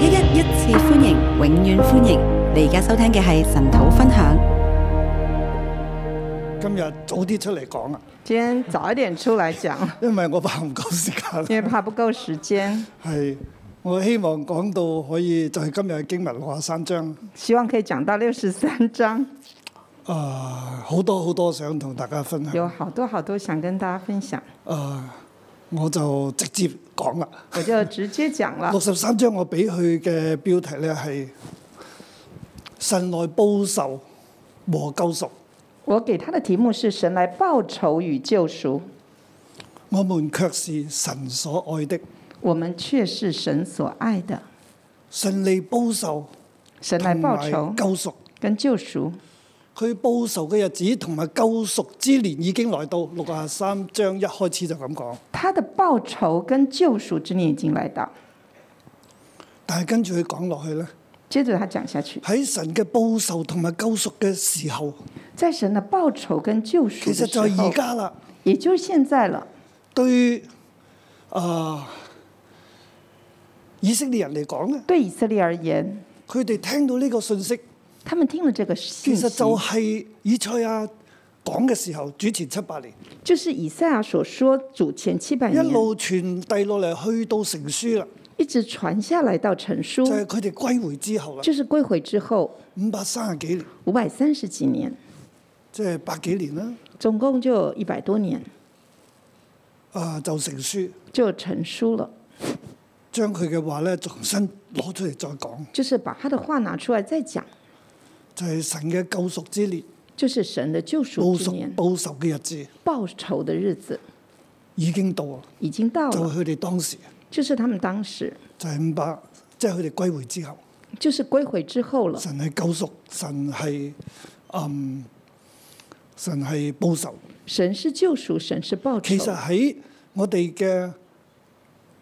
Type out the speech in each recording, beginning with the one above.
一一一次歡迎，永遠歡迎！你而家收聽嘅係神土分享。今日早啲出嚟講啊，今早一點出嚟講， 因為我怕唔夠時間，因為怕不夠時間。係， 我希望講到可以就係今日經文六十三章，希望可以講到六十三章。啊，好多好多想同大家分享，有好多好多想跟大家分享。啊、uh。我就直接講啦。我就直接講啦。六十三章我俾佢嘅標題咧，係神來報仇和救贖。我給他的題目是神來報仇與救贖。我們卻是神所愛的。我們卻是神所愛的。神來報仇。神來報仇。救贖。跟救贖。佢報仇嘅日子同埋救贖之年已經來到，六啊三章一開始就咁講。他的報仇跟救贖之年已經來到，但係跟住佢講落去咧。接住，他講下去。喺神嘅報仇同埋救贖嘅時候。即係神嘅報仇跟救贖。其實就係而家啦，也就是現在了。對啊，以色列人嚟講咧。對以色列而言，佢哋聽到呢個信息。他們聽了這個信息。其實就係以賽亞講嘅時候，主前七八年。就是以賽亞所說主前七百年。一路傳遞落嚟，去到成書啦。一直傳下嚟到成書，即係佢哋歸回之後啦。就是歸回之後五百三十幾年。五百三十幾年。即係、就是、百幾年啦。總共就一百多年。啊，就成書，就成書了。將佢嘅話咧，重新攞出嚟再講，就是把他的話拿出來再講。就係、是、神嘅救贖之年，就是神嘅救贖之年，報仇嘅日子，報仇嘅日子已經到啊，已經到了。就係佢哋當時，就是佢哋當時就係五百，即係佢哋歸回之後，就是歸回之後了。神係救贖，神係嗯，神係報仇。神是救贖，神是報仇。其實喺我哋嘅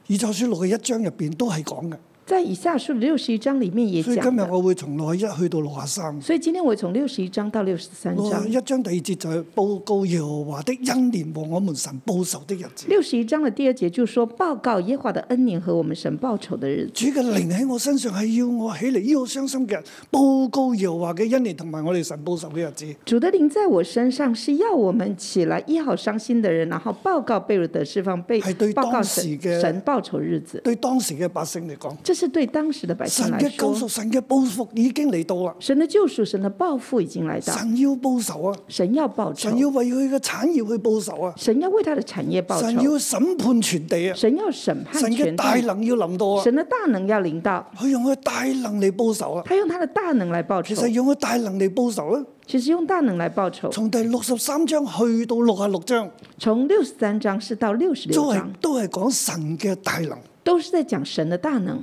以賽亞書六十一章入邊都係講嘅。在以下書六十一章裏面也，所以今日我會從六一去到六十三。所以今天我會從六十一章到六十三章。一章第二節就係報告耶和華的恩年和我們神報仇的日子。六十一章嘅第二節就係說報告耶和華的恩年和我們神報仇的日子。主嘅靈喺我身上係要我起嚟醫好傷心嘅人，報告耶和華嘅恩年同埋我哋神報仇嘅日子。主嘅靈在我身上是要我們起來醫好傷心的人，然後報告被奴隸釋放被，係對當時嘅神報仇日子。對當時嘅百姓嚟講。是對當時的百姓來說，神嘅救贖、神嘅報復已經嚟到啦。神的救贖、神的報復已經嚟到。神要報仇啊！神要報仇。神要為佢嘅產業去報仇啊！神要為他的產業報仇。神要審判全地啊！神要審判全地。神嘅大能要臨到啊！神的大能要臨到。佢用佢大能嚟報仇啊！佢用佢大能嚟報仇。其實用佢大能嚟報仇啊！其實用大能嚟報仇。從第六十三章去到六十六章，從六十三章是到六十六章，都係講神嘅大能，都是在講神嘅大能。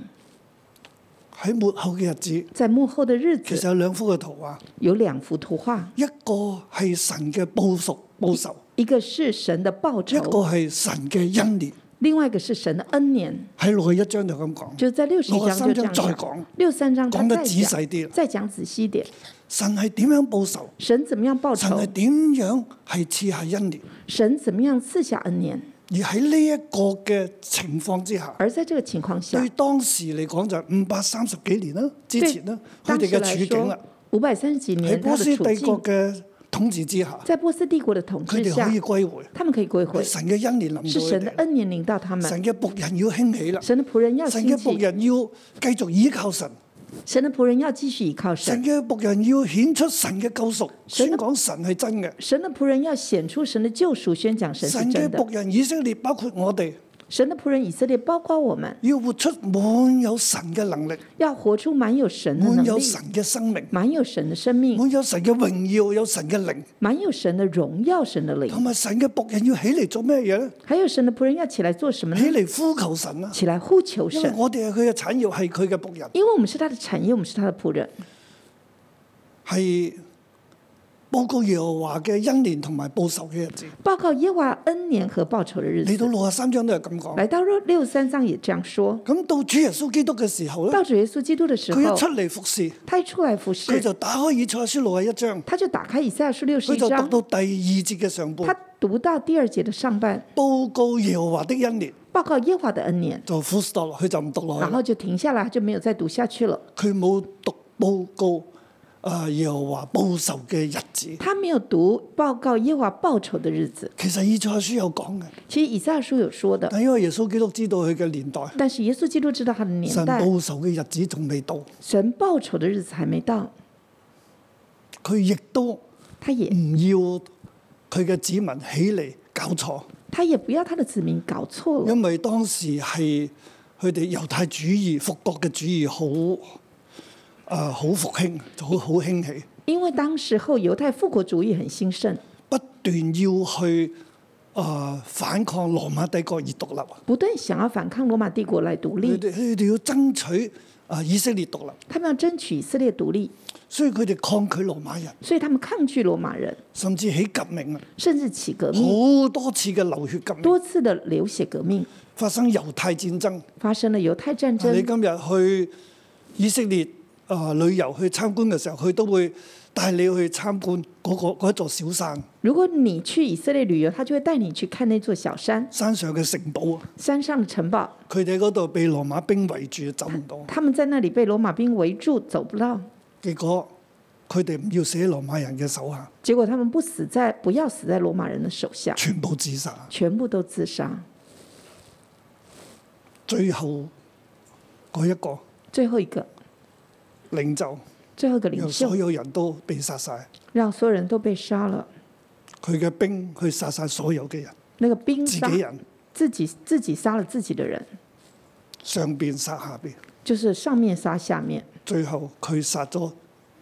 喺末後嘅日子，在末後的日子，其實有兩幅嘅圖畫，有兩幅圖畫，一個係神嘅報仇，報仇；一個是神嘅報仇，一個係神嘅恩年，另外一個是神嘅恩年。喺落去一章就咁講，就是、在六十一章就三章再講，六十三章講，講得仔細啲，再講仔細啲。神係點樣報仇？神怎樣報仇？神係點樣係賜下恩年？神怎樣賜下恩年？而喺呢一個嘅情況之下，而喺呢一情況下，對當時嚟講就係五百三十幾年啦，之前啦，佢哋嘅處境啦，五百三十幾年，喺波斯帝國嘅統治之下，在波斯帝國的統治下，佢哋可以歸回，他們可以歸回，神嘅恩年臨到，神嘅恩年臨到，他們，神嘅僕人要興起啦，神嘅僕人要興起，神嘅僕人要繼續依靠神。神的僕人要繼續倚靠神。神嘅僕人要顯出神嘅救贖，宣講神係真嘅。神的僕人要顯出神的救贖，宣講神係真嘅。神嘅僕，僕人以色列，包括我哋。神的僕人以色列，包括我們，要活出滿有神嘅能力，要活出滿有神嘅能力，嘅滿有神嘅生命，滿有神嘅生命，滿有神嘅榮耀，有神嘅靈，滿有神嘅榮耀，神嘅靈，同埋神嘅僕人要起嚟做咩嘢咧？還有神嘅僕人要起來做什麼咧？起嚟呼求神啦、啊！起來呼求神。我哋係佢嘅產業，係佢嘅僕人。因為我們是他嘅產業，我們是他嘅僕人，係。報告耶和華嘅恩年同埋報仇嘅日子。報告耶華恩年和報仇嘅日子。嚟到六十三章都係咁講。嚟到六十三章也這樣說。咁到主耶穌基督嘅時候咧。到主耶穌基督嘅時候。佢一出嚟服侍，他一出嚟服侍，佢就打開以賽書六一章。佢就打開以賽書六一章。佢就讀到第二節嘅上半。佢讀到第二節嘅上半。報告耶和華的恩年。報告耶和華的恩年。就服到落去就唔讀落去。然後就停下來就沒有再讀下去了。佢冇讀報告。啊！耶和華報仇嘅日子，他沒有讀報告耶和華報仇嘅日子。其實以賽亞書有講嘅，其實以賽亞書有說嘅，但因為耶穌基督知道佢嘅年代，但是耶穌基督知道佢嘅年代。神報仇嘅日子仲未到，神報仇嘅日子還未到，佢亦都，他亦唔要佢嘅子民起嚟搞錯。他亦不要他的子民搞錯，因為當時係佢哋猶太主義復國嘅主義好。誒、呃、好復興，好好興起。因為當時候猶太復國主義很興盛，不斷要去誒、呃、反抗羅馬帝國而獨立。不斷想要反抗羅馬帝國來獨立，佢哋要爭取誒以色列獨立。他們要爭取以色列獨立，所以佢哋抗拒羅馬人。所以他們抗拒羅馬人，甚至起革命啊！甚至起革命，好多次嘅流血革命，多次嘅流血革命，發生猶太戰爭，發生了猶太戰爭。啊、你今日去以色列？啊、呃！旅遊去參觀嘅時候，佢都會帶你去參觀嗰、那個一座小山。如果你去以色列旅遊，他就會帶你去看那座小山。山上嘅城堡啊！山上嘅城堡。佢哋嗰度被羅馬兵圍住，走唔到。他們在那裡被羅馬兵圍住，走不到。結果佢哋唔要死喺羅馬人嘅手下。結果他們不死在，不要死在羅馬人嘅手下。全部自殺，全部都自殺。最後嗰一個。最後一個。領袖，讓所有人都被殺晒，讓所有人都被殺了。佢嘅兵去殺晒所有嘅人。那個兵殺自己人，自己自己殺了自己的人。上邊殺下邊。就是上面殺下面。最後佢殺咗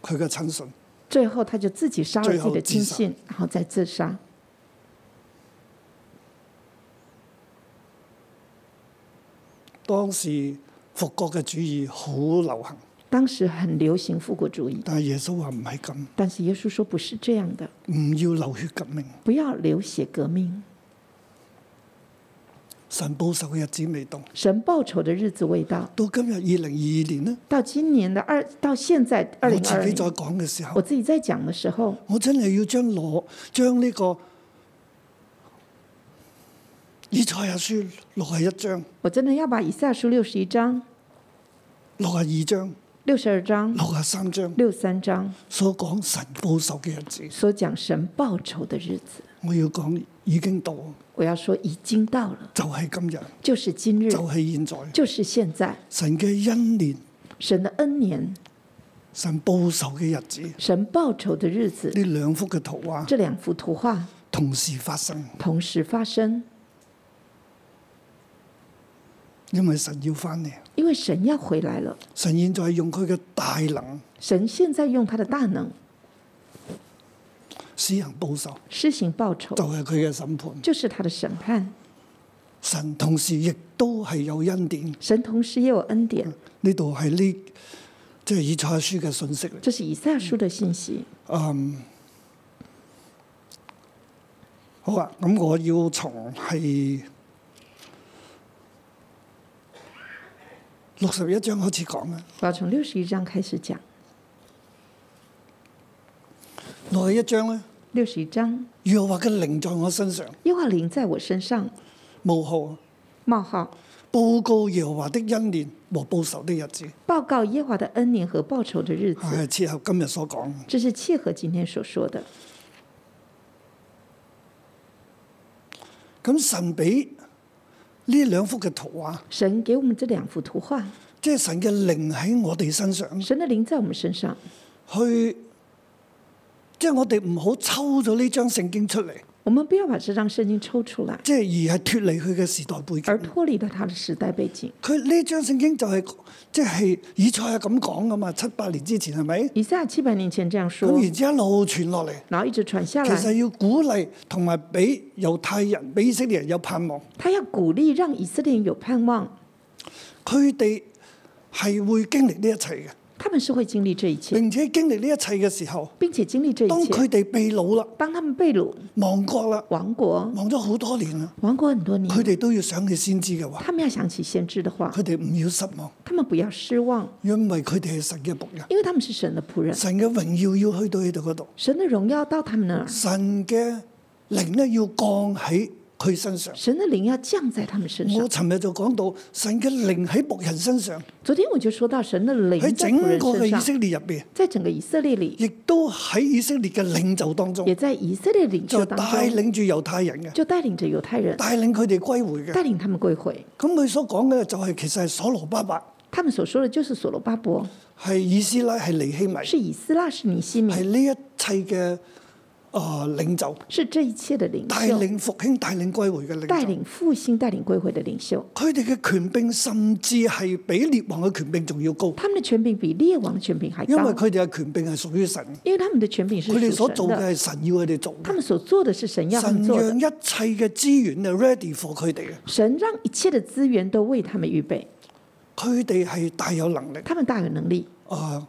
佢嘅親信。最後他就自己殺了自己的親信，最後然後再自殺。當時復國嘅主義好流行。當時很流行復古主義，但係耶穌話唔係咁。但是耶穌說不是這樣的，唔要流血革命，不要流血革命。神報仇的日子未到，神報仇的日子未到，到今日二零二二年呢？到今年的二，到現在二零二二年。我自己在講嘅時候，我自己在講嘅時候，我真係要將攞將呢、這個，以賽亞書六十一章，我真的要把以賽亞書六十一章，六十二章。六十二章、六十三章、六十三章所講神報仇嘅日子，所講神報仇嘅日子，我要講已經到，我要說已經到了，就係、是、今日，就是今日，就係、是、現在，就是現在。神嘅恩年，神嘅恩年，神報仇嘅日子，神報仇嘅日子。呢兩幅嘅圖畫，這兩幅圖畫同時發生，同時發生。因為神要翻嚟，因為神要回來了。神現在用佢嘅大能，神現在用他的大能施行報仇，施行報仇就係佢嘅審判，就是他的審判。神同時亦都係有恩典，神同時也有恩典。呢度係呢，即係以賽書嘅信息，即係以賽書嘅信息。嗯，好啊，咁我要從係。六十一章開始講啊！我從六十一章開始講。來一章啦。六十一章，耶和華嘅靈在我身上。耶和華靈在我身上。冒號，冒號。報告耶和華的恩年和報仇的日子。報告耶和華的恩年和報仇的日子。係切合今日所講。這是切合今天所說的。咁神俾。呢兩幅嘅圖畫，神給我們這兩幅圖畫，即係、就是、神嘅靈喺我哋身上。神嘅靈在我們身上，去，即係、就是、我哋唔好抽咗呢張聖經出嚟。我們不要把這張聖經抽出來，即係而係脫離佢嘅時代背景，而脫離咗佢嘅時代背景。佢呢張聖經就係即係以賽亞咁講噶嘛，七百年之前係咪？以賽亞七百年前這樣說，咁然之一路傳落嚟，然後一直傳下嚟，一直傳下嚟。其實要鼓勵同埋俾猶太人、俾以色列人有盼望。他要鼓勵讓以色列人有盼望，佢哋係會經歷呢一切嘅。他們是會經歷這一切，並且經歷呢一切嘅時候，並且經歷這一切。當佢哋被擄啦，當他們被擄，亡國啦，亡國，亡咗好多年啦，亡國很多年，佢哋都要想起先知嘅話，他們要想起先知的話，佢哋唔要失望，他們不要失望，因為佢哋係神嘅僕人，因為他們是神的僕人，神嘅榮耀要去到佢哋嗰度，神嘅榮耀到他們那，神嘅靈呢要降喺，佢身上，神的靈要降在他們身上。我尋日就講到，神嘅靈喺僕人身上。昨天我就說到，神嘅靈喺整個以色列入邊，在整個以色列裏，亦都喺以色列嘅領袖當中，也在以色列領袖帶領住猶太人嘅，就帶領住猶太人帶領佢哋歸回嘅，帶領他們歸回。咁佢所講嘅就係其實係所羅巴伯，他們所說嘅就是，是所羅巴伯，係以斯拉，係尼希米，是以斯拉，是尼希米，係呢一切嘅。啊！領袖是這一切的領袖，帶領復興、帶領歸回嘅領袖，帶領復興、帶領歸回嘅領袖。佢哋嘅權柄甚至係比列王嘅權柄仲要高。他們的權柄比列王的權柄還高。因為佢哋嘅權柄係屬於神。因為他們的權柄是屬神的。佢哋所做嘅係神要佢哋做。他們所做的是神要他們做。神讓一切嘅資源啊，ready for 佢哋嘅。神讓一切嘅資,資源都為他們預備。佢哋係大有能力。他們大有能力。啊、呃。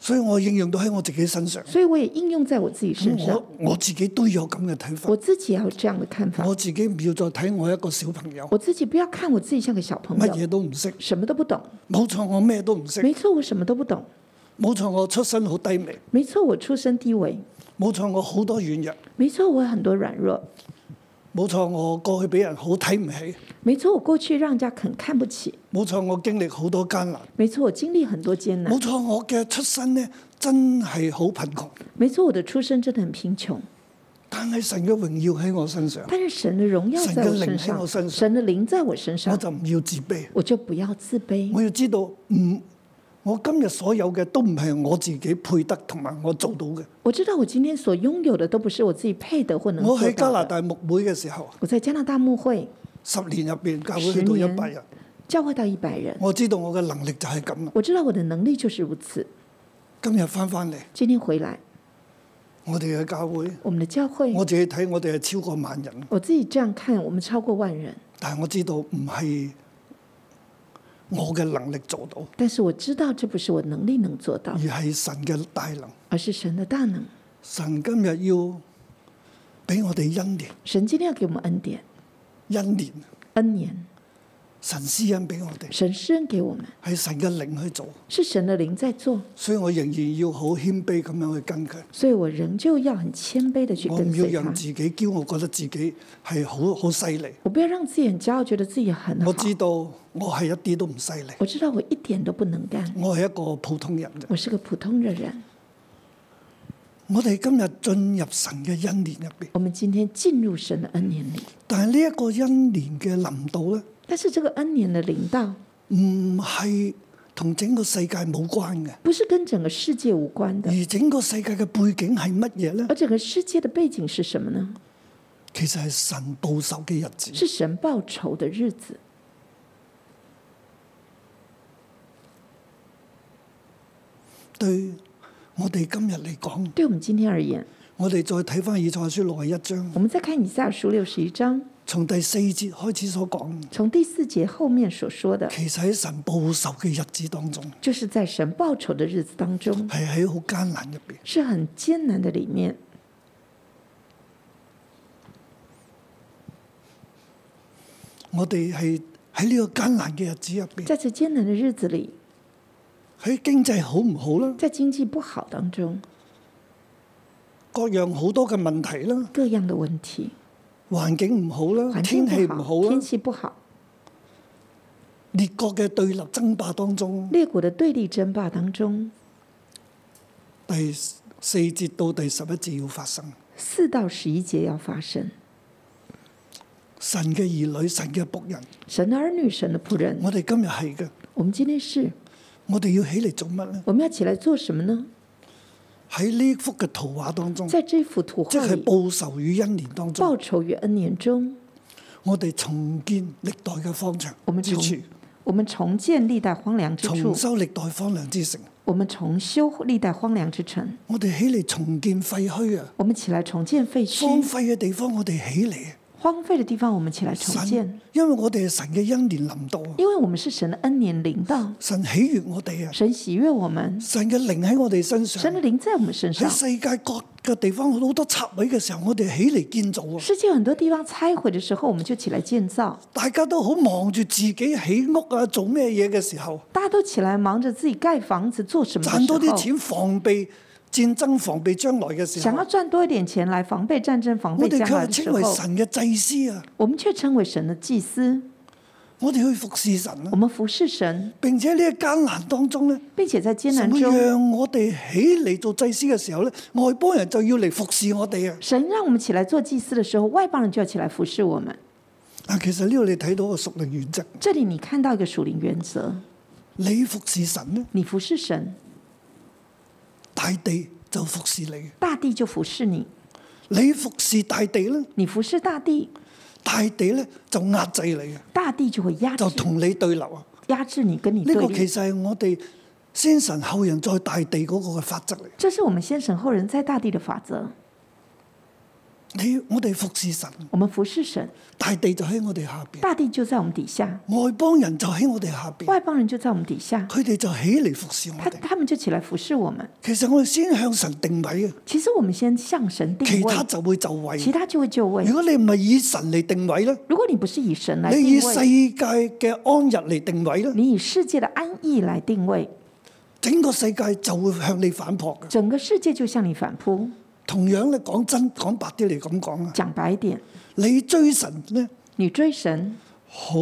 所以我應用到喺我自己身上。所以我也應用在我自己身上。咁我，我自己都有咁嘅睇法。我自己有這樣嘅看法。我自己唔要再睇我一個小朋友。我自己不要看我自己像個小朋友。乜嘢都唔識，什麼都不懂。冇錯，我咩都唔識。冇錯，我什麼都不懂。冇錯，我出身好低微。冇錯，我出身低微。冇錯，我好多軟弱。冇錯，我有很多軟弱。冇錯，我過去俾人好睇唔起。沒錯，我過去讓人家很看不起。冇錯，我經歷好多艱難。沒錯，我經歷很多艱難。冇錯，我嘅出身呢真係好貧窮。沒錯，我的出身真的很貧窮。但係神嘅榮耀喺我身上，但是神嘅榮耀在我身上，神嘅靈喺我身上。神嘅靈在，在我身上，我就唔要自卑，我就不要自卑，我要知道唔。嗯我今日所有嘅都唔係我自己配得同埋我做到嘅。我知道我今天所擁有的都不是我自己配得或能做到的。我喺加拿大牧會嘅時候。我在加拿大牧會十年入邊教會到一百人。教會到一百人。我知道我嘅能力就係咁啦。我知道我嘅能力就是如此。今日翻返嚟。今天回來，我哋嘅教會，我們的教會。我自己睇，我哋係超過萬人。我自己這樣看，我們超過萬人。但係我知道唔係。我嘅能力做到，但是我知道這不是我能力能做到，而係神嘅大能，而是神嘅大能。神今日要畀我哋恩典，神今日要畀我們恩典，恩典，恩典。神施恩俾我哋，神施恩給我們，係神嘅靈去做，是神嘅靈在做，所以我仍然要好謙卑咁樣去跟佢，所以我仍舊要很謙卑地去跟隨他。我唔要讓自己驕傲，覺得自己係好好犀利。我不要讓自己很驕傲，覺得，驕傲覺得自己很好。我知道我係一啲都唔犀利，我知道我一點都不能幹，我係一個普通人。我是個普通嘅人。我哋今日進入神嘅恩年入邊，我哋今天進入神嘅恩年裏，裏，但係呢一個恩年嘅臨到咧。但是這個恩典的領導唔係同整個世界冇關嘅，不是跟整個世界無關的，而整個世界嘅背景係乜嘢呢？而整個世界的背景是什麼呢？麼呢其實係神報仇嘅日子，是神報仇的日子。對我哋今日嚟講，對我們今天而言。我哋再睇翻《以賽書》六十一章。我們再看一下書六十一章，從第四節開始所講。從第四節後面所說嘅，其實喺神報仇嘅日子當中。就是在神報仇嘅日子當中，係喺好艱難入邊。是很艱難嘅裏面，我哋係喺呢個艱難嘅日子入邊。在這艱難嘅日子裏，喺經濟好唔好啦？在經濟不好當中。各樣好多嘅問題啦，各樣的問題，環境唔好啦，天氣唔好啦，天氣不好。列國嘅對立爭霸當中，列國的對立爭霸當中，第四節到第十一節要發生，四到十一節要發生。神嘅兒女，神嘅僕人，神的兒女，神的僕人。的僕人我哋今日係嘅，我們今天是，我哋要起嚟做乜咧？我哋要起來做什麼呢？喺呢幅嘅圖畫當中，在這幅圖畫，即係報仇與恩年當中，報仇與恩年中，我哋重建歷代嘅荒場。我們重，重重，我們重建歷代荒涼之處。重修歷代荒涼之城。我們重修歷代荒涼之城。我哋起嚟重建廢墟啊！我們起嚟重建廢墟。荒廢嘅地方，我，我哋起嚟。荒廢的地方，我們起來重建，因為我哋係神嘅恩年臨到，因為我們是神的恩年臨到，神喜悅我哋啊，神喜悅我們，神嘅靈喺我哋身上，神嘅靈在我們身上。喺世界各嘅個地方好多拆毀嘅時候，我哋起嚟建造啊，世界很多地方拆毀嘅時候，我們就起來建造。大家都好忙住自己起屋啊，做咩嘢嘅時候，大家都起來忙着自己蓋房子，做什麼賺多啲錢防備戰爭防備將來嘅時候，想要賺多一點錢來防備戰爭、防備將來嘅時候，我們卻要稱為神嘅祭司啊。我們卻稱為神的祭司，我哋去服侍神。我們服侍神，並且呢個艱難當中呢，並且在艱難中，神讓我哋起嚟做祭司嘅時候呢，外邦人就要嚟服侍我哋啊。神讓我們起來做祭司嘅時候，外邦人就要起來服侍我們。啊，其實呢度你睇到個屬靈原則。這裏你看到一個屬靈原則，你服侍神呢，你服侍神。大地就服侍你，大地就服侍你，你服侍大地咧，你服侍大地，大地咧就壓制你，大地就會壓制，就同你對流啊，壓制你，跟你呢、呢個其實係我哋先神後人在大地嗰個嘅法則嚟。這是我們先神後人在大地嘅法則。我哋服侍神，我們服侍神，大地就喺我哋下邊，大地就在我們底下。外邦人就喺我哋下邊，外邦人就在我們底下，佢哋就起嚟服侍我哋。他們就起來服侍我們。其實我哋先向神定位啊，其實我們先向神定位，其他就會就位，其他就會就位。如果你唔係以神嚟定位咧，如果你不是以神來，你以世界嘅安逸嚟定位咧，你，你以世界的安逸嚟定位，整個世界就會向你反撲。整個世界就向你反撲。同樣咧，講真講白啲嚟咁講啊！講白，點，講白一點，你追神咧？你追神好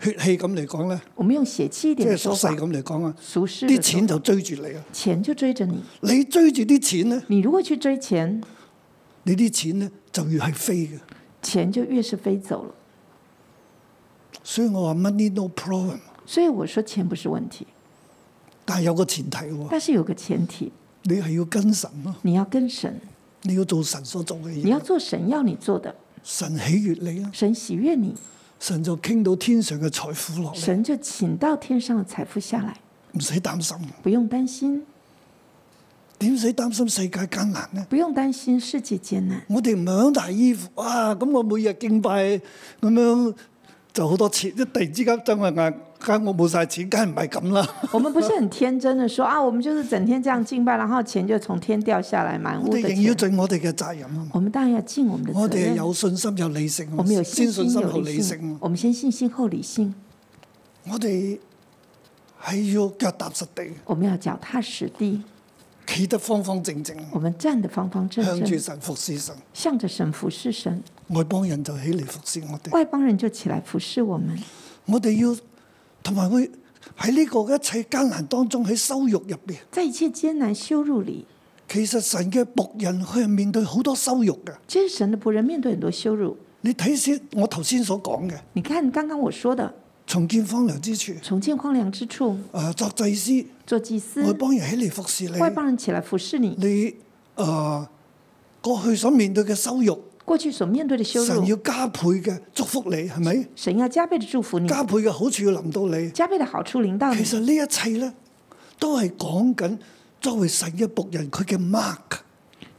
血氣咁嚟講咧？我們用邪氣一點，即係俗世咁嚟講啊！啲錢就追住你啊！錢就追着你。你追住啲錢咧？你如果去追錢，你啲錢咧就越係飛嘅，錢就越是飛走了。所以我話 money no problem。所以我說錢不是問題，但係有個前提喎。但是有個前提，你係要跟神咯，你要跟神。你要做神所做嘅嘢，你要做神要你做的，神喜悅你啊！神喜悅你，神就傾到天上嘅財富落，神就請到天上嘅財富下嚟。唔使擔心，唔用擔心，點使擔,擔心世界艱難呢？唔用擔心世界艱難，我哋唔響大衣服啊！咁我每日敬拜咁樣。就好多錢，一突然之間爭啊！我冇晒錢，梗係唔係咁啦。我們不是很天真的說 啊，我們就是整天這樣敬拜，然後錢就從天掉下來，滿屋的錢。我哋仍要盡我哋嘅責任啊！我們當然要盡我們的責任。我哋有信心有理性。我們有先信心，有理，先信心有理性。我們先信心後理性。我哋係要腳踏實地。我們要腳踏實地，企得方方正正。我們站得方方正正。向住神服侍神。向着神服侍神。外邦人就起嚟服侍我哋。外邦人就起嚟服侍我們。我哋要同埋會喺呢個一切艱難當中，喺羞辱入邊。在一切艱難羞辱裏。其實神嘅僕人佢係面對好多羞辱噶。即係神嘅僕人面對很多羞辱。你睇先我頭先所講嘅。你看剛剛我說的。重建荒涼之處。重建荒涼之處。誒、呃，作祭司。做祭司。外邦人起嚟服侍你。外邦人起來服侍你。你誒、呃、過去所面對嘅羞辱。過去所面對的羞辱，神要加倍嘅祝福你，係咪？神要加倍的祝福你，神要加倍嘅好處要臨到你，加倍的好處臨到你。其實呢一切咧，都係講緊作為神嘅僕人佢嘅 mark，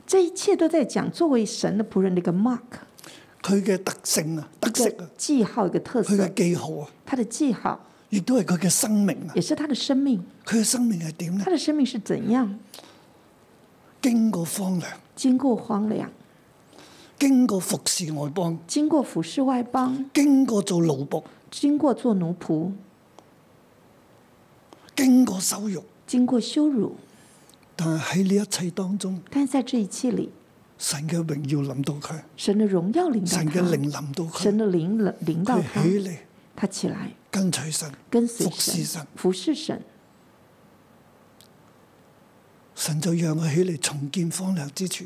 這一切都在講作為神嘅僕人嘅 mark，佢嘅特性啊，特色啊，記號嘅特色，佢嘅記號啊，佢嘅記號，亦都係佢嘅生命啊，也是他嘅生命，佢嘅生命係點咧？佢嘅生命係怎樣？經過荒涼，經過荒涼。經過服侍外邦，經過服侍外邦，經過做奴僕，經過做奴僕，經過羞辱，經過羞辱。但係喺呢一切當中，但在這一切裏，神嘅榮耀臨到佢，神的榮耀臨到佢，神嘅靈臨到佢，神的靈臨臨到佢，佢起嚟，他起來，跟隨神，跟隨神，服侍神，服侍神。神就讓佢起嚟重建荒涼之處。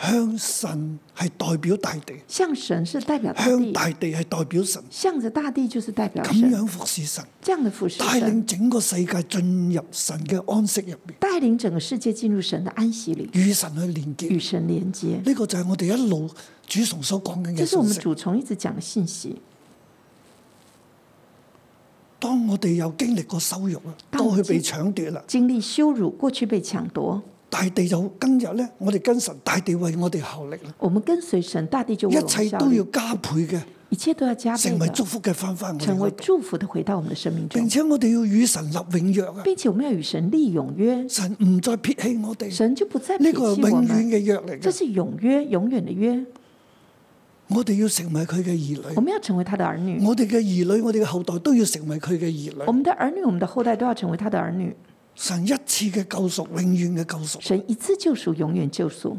向神係代表大地，向神是代表大地，大地係代表神，向着大地就是代表神，咁樣服侍神，帶領整個世界進入神嘅安息入面，帶領整個世界進入神嘅安息裏，與神去連結，與神連接呢，這個就係我哋一路主崇所講嘅嘢。息。這是我們主崇一直講嘅信息。當我哋又經歷過羞辱啦，過去被搶奪啦，經歷羞辱，過去被搶奪。大地就今日咧，我哋跟神，大地為我哋效力咧。我們跟隨神，大地就一切都要加倍嘅。一切都要加倍。成為祝福嘅方法，成為祝福的，回回的樂樂，福的回到我們的生命中。並且我哋要與神立永約啊！並且我們要與神立永約。神唔再撇棄我哋，神就不再撇棄我們。呢個係永遠嘅約嚟嘅，這是永約，永遠嘅約。我哋要成為佢嘅兒女，我們要成為他的兒女。我哋嘅兒女，我哋嘅後代都要成為佢嘅兒女。我們的兒女，我們的後代都要成為他的兒女。神一次嘅救贖，永遠嘅救贖。神一次救贖，永遠救贖。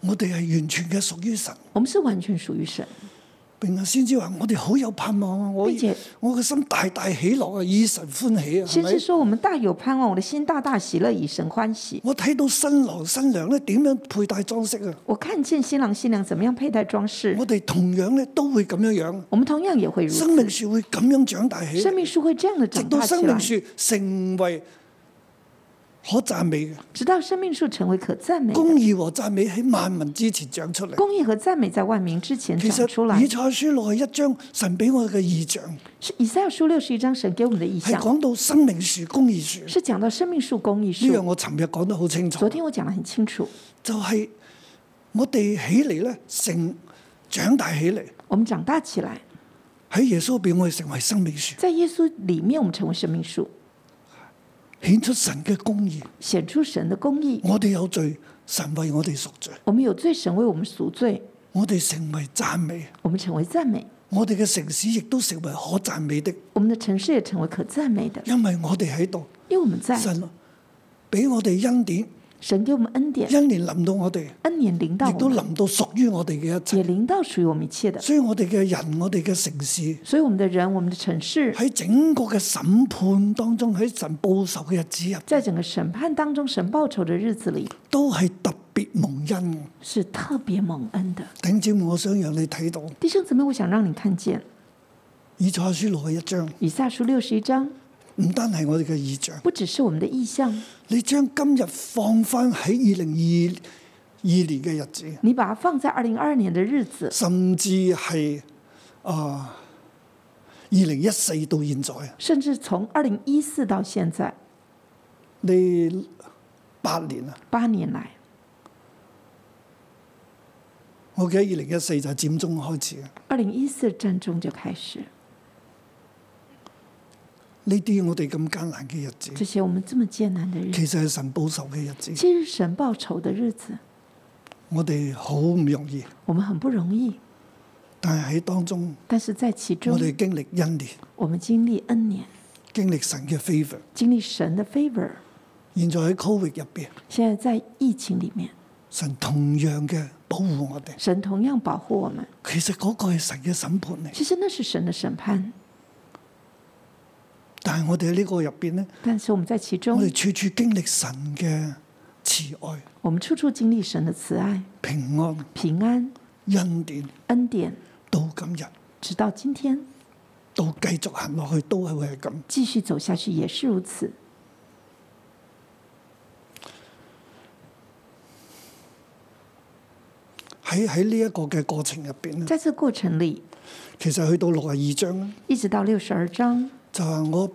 我哋係完全嘅屬於神。我們是完全屬於神。啊，先知話我哋好有盼望啊！我我個心大大喜樂啊，以神歡喜啊！先說我們大有盼望，我的心大大喜樂，以神歡喜。我睇到新郎新娘咧點樣佩戴裝飾啊！我看見新郎新娘怎麼樣佩戴裝飾。我哋同樣咧都會咁樣樣。我們同樣也會如此。生命樹會咁樣長大起。生命樹會這樣的長大起來。直到生命樹成為可讚美，直到生命樹成為可讚美。公義和讚美喺萬民之前長出嚟。公義和讚美在萬民之前長出來。以賽書六係一張，神俾我嘅異象。是以賽亞書六是一張神給我們的異象，係講到生命樹、公義樹。是講到生命樹、公義樹。呢、這、樣、個、我尋日講得好清楚。昨天我講得很清楚，就係、是、我哋起嚟咧，成長大起嚟。我們長大起來，喺耶穌俾我哋成為生命樹。在耶穌裏面，我們成為生命樹。顯出神嘅公義，顯出神嘅公義。我哋有罪，神為我哋贖罪。我哋有罪，神為我哋贖罪。我哋成為讚美，我哋成為讚美。我哋嘅城市亦都成為可讚美的。我哋嘅城市亦成為可讚美的。因為我哋喺度，因為我哋讚美神俾我哋恩典。神給我們恩典，恩典臨到我哋，恩典領到，亦都臨到屬於我哋嘅一切，也領到屬於我哋一切的。所以我哋嘅人，我哋嘅城市，所以我哋嘅人，我哋嘅城市喺整個嘅審判當中，喺神報仇嘅日子啊，在整個審判當中，神報仇嘅日子裏，都係特別蒙恩嘅，是特別蒙恩的。弟兄姊妹，我想讓你睇到，弟兄姊妹，我想讓你看見，以賽亞書六一章，以賽亞書六十一章。唔單係我哋嘅意象，不只是我們嘅意象。你將今日放翻喺二零二二年嘅日子，你把它放在二零二二年嘅日子，甚至係啊二零一四到現在，甚至從二零一四到現在，你八年啊，八年嚟，我記得二零一四就係佔中開始嘅，二零一四佔中就開始。呢啲我哋咁艱難嘅日子，這些我們這麼艱難的日子，其實係神，神報仇嘅日子，今日神報仇嘅日子，我哋好唔容易，我們很不容易，但係喺當中，但是在其中，我哋經歷恩典，我們經歷恩典，經歷神嘅 favor，經歷神的 favor，現在喺 covid 入邊，現在在疫情裏面，神同樣嘅保護我哋，神同樣保護我們，其實嗰個係神嘅審判嚟，其實那是神的審判。但係我哋喺呢個入邊咧，但是我們在其中，我哋處處經歷神嘅慈愛，我哋處處經歷神嘅慈愛、平安、平安、恩典、恩典。到今日，直到今天，都繼續行落去，都係會係咁，繼續走下去也是如此。喺喺呢一個嘅過程入邊咧，在這個過程裏，其實去到六十二章咧，一直到六十二章。就係我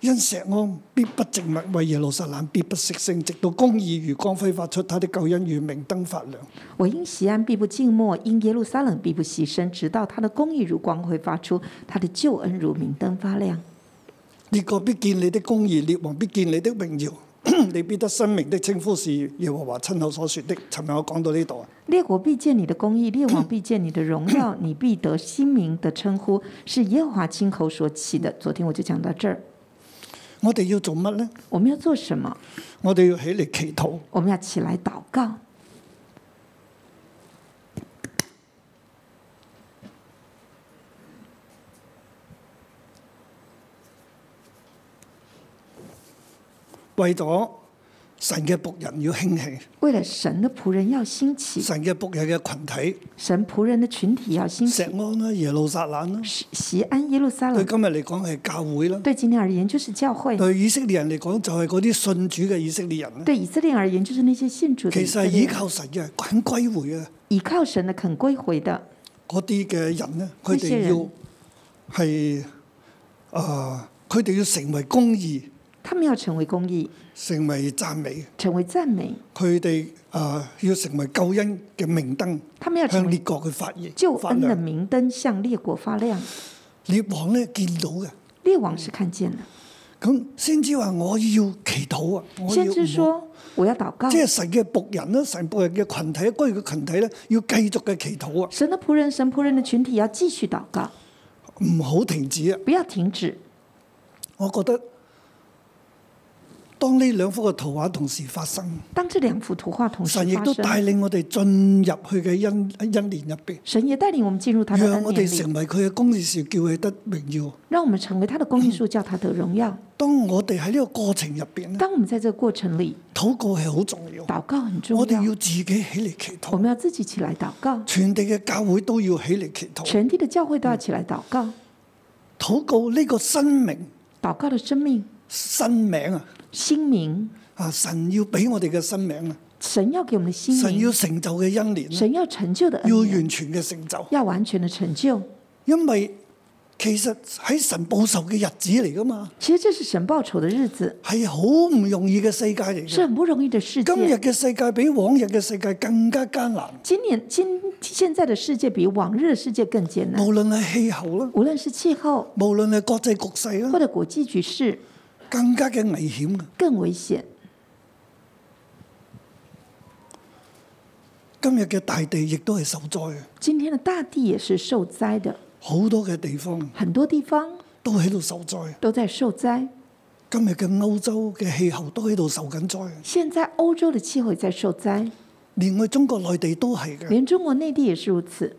因石安必不靜默，為耶路撒冷必不息聲，直到公義如光輝發出，他的救恩如明燈發亮。我因西安必不靜默，因耶路撒冷必不息聲，直到他的公義如光輝發出，他的救恩如明燈發亮。列國必見你的公義，列王必見你的榮耀，你必得生命的稱呼，是耶和華親口所說的。尋日我講到呢度。列國必見你的公義，列王必見你的榮耀， 你必得新名的稱呼，是耶和華親口所起的。昨天我就講到這兒。我哋要做乜呢？我們要做什麼？我哋要起嚟祈禱。我們要起來禱告，為咗。神嘅僕人要興起，為了神嘅僕人要興起，神嘅僕人嘅群體，神僕人的群體要興起。錫安啦，耶路撒冷啦，錫安耶路撒冷。對今日嚟講係教會啦，對今天而言就是教會。對以色列人嚟講就係嗰啲信主嘅以色列人啦。對以色列人而言就是呢啲信主。其實係依靠神嘅肯歸回啊。依靠神嘅，肯歸回的嗰啲嘅人咧，佢哋要係啊，呃、佢哋要成為公義。他們要成為公義，成為贊美，成為贊美。佢哋啊，要成為救恩嘅明燈。他們要向列國去發言。救恩的明燈向列國發亮。發亮。列王呢，見到嘅，列王是看見啦。咁先知話：我要祈禱啊！先知說：我要禱告。即係神嘅僕人啦，神僕人嘅群體，該個群體呢要繼續嘅祈禱啊！神的僕人，神僕人嘅群體要繼續禱告，唔好停止啊！不要停止。我覺得。當呢兩幅嘅圖畫同時發生，當這兩幅圖畫同時發生，神亦都帶領我哋進入去嘅恩恩典入邊。神也帶領我們進入他的恩典裏。讓我哋成為佢嘅公義時，叫佢得榮耀。讓我們成為他的公義時公義、嗯，叫他得榮耀。當我哋喺呢個過程入邊，當我們在這個過程裏，禱告係好重要。禱告很重要。我哋要自己起嚟祈禱。我們要自己起嚟禱告。全地嘅教會都要起嚟祈禱。全地嘅教會都要起嚟禱告。禱告呢個生命，禱告嘅生命，新名啊！新名啊！神要俾我哋嘅新名啊！神要給我們新名。神要成就嘅恩年，神要成就的恩要完全嘅成就，要完全的成就。因為其實喺神報仇嘅日子嚟噶嘛。其實這是神報仇的日子，係好唔容易嘅世界嚟，係很不容易的世界，是很不容易的世界。今日嘅世界比往日嘅世界更加艱難。今年今現在的世界比往日嘅世界更艱難。無論係氣候啦，無論是氣候，無論係國際局勢啦，或者國際局勢。更加嘅危險更危險。今日嘅大地亦都係受災啊！今天嘅大地也是受災的，好多嘅地方，很多地方都喺度受災，都在受災。今日嘅歐洲嘅氣候都喺度受緊災。現在歐洲嘅氣候也在受災，連我中國內地都係嘅，連中國內地也是如此。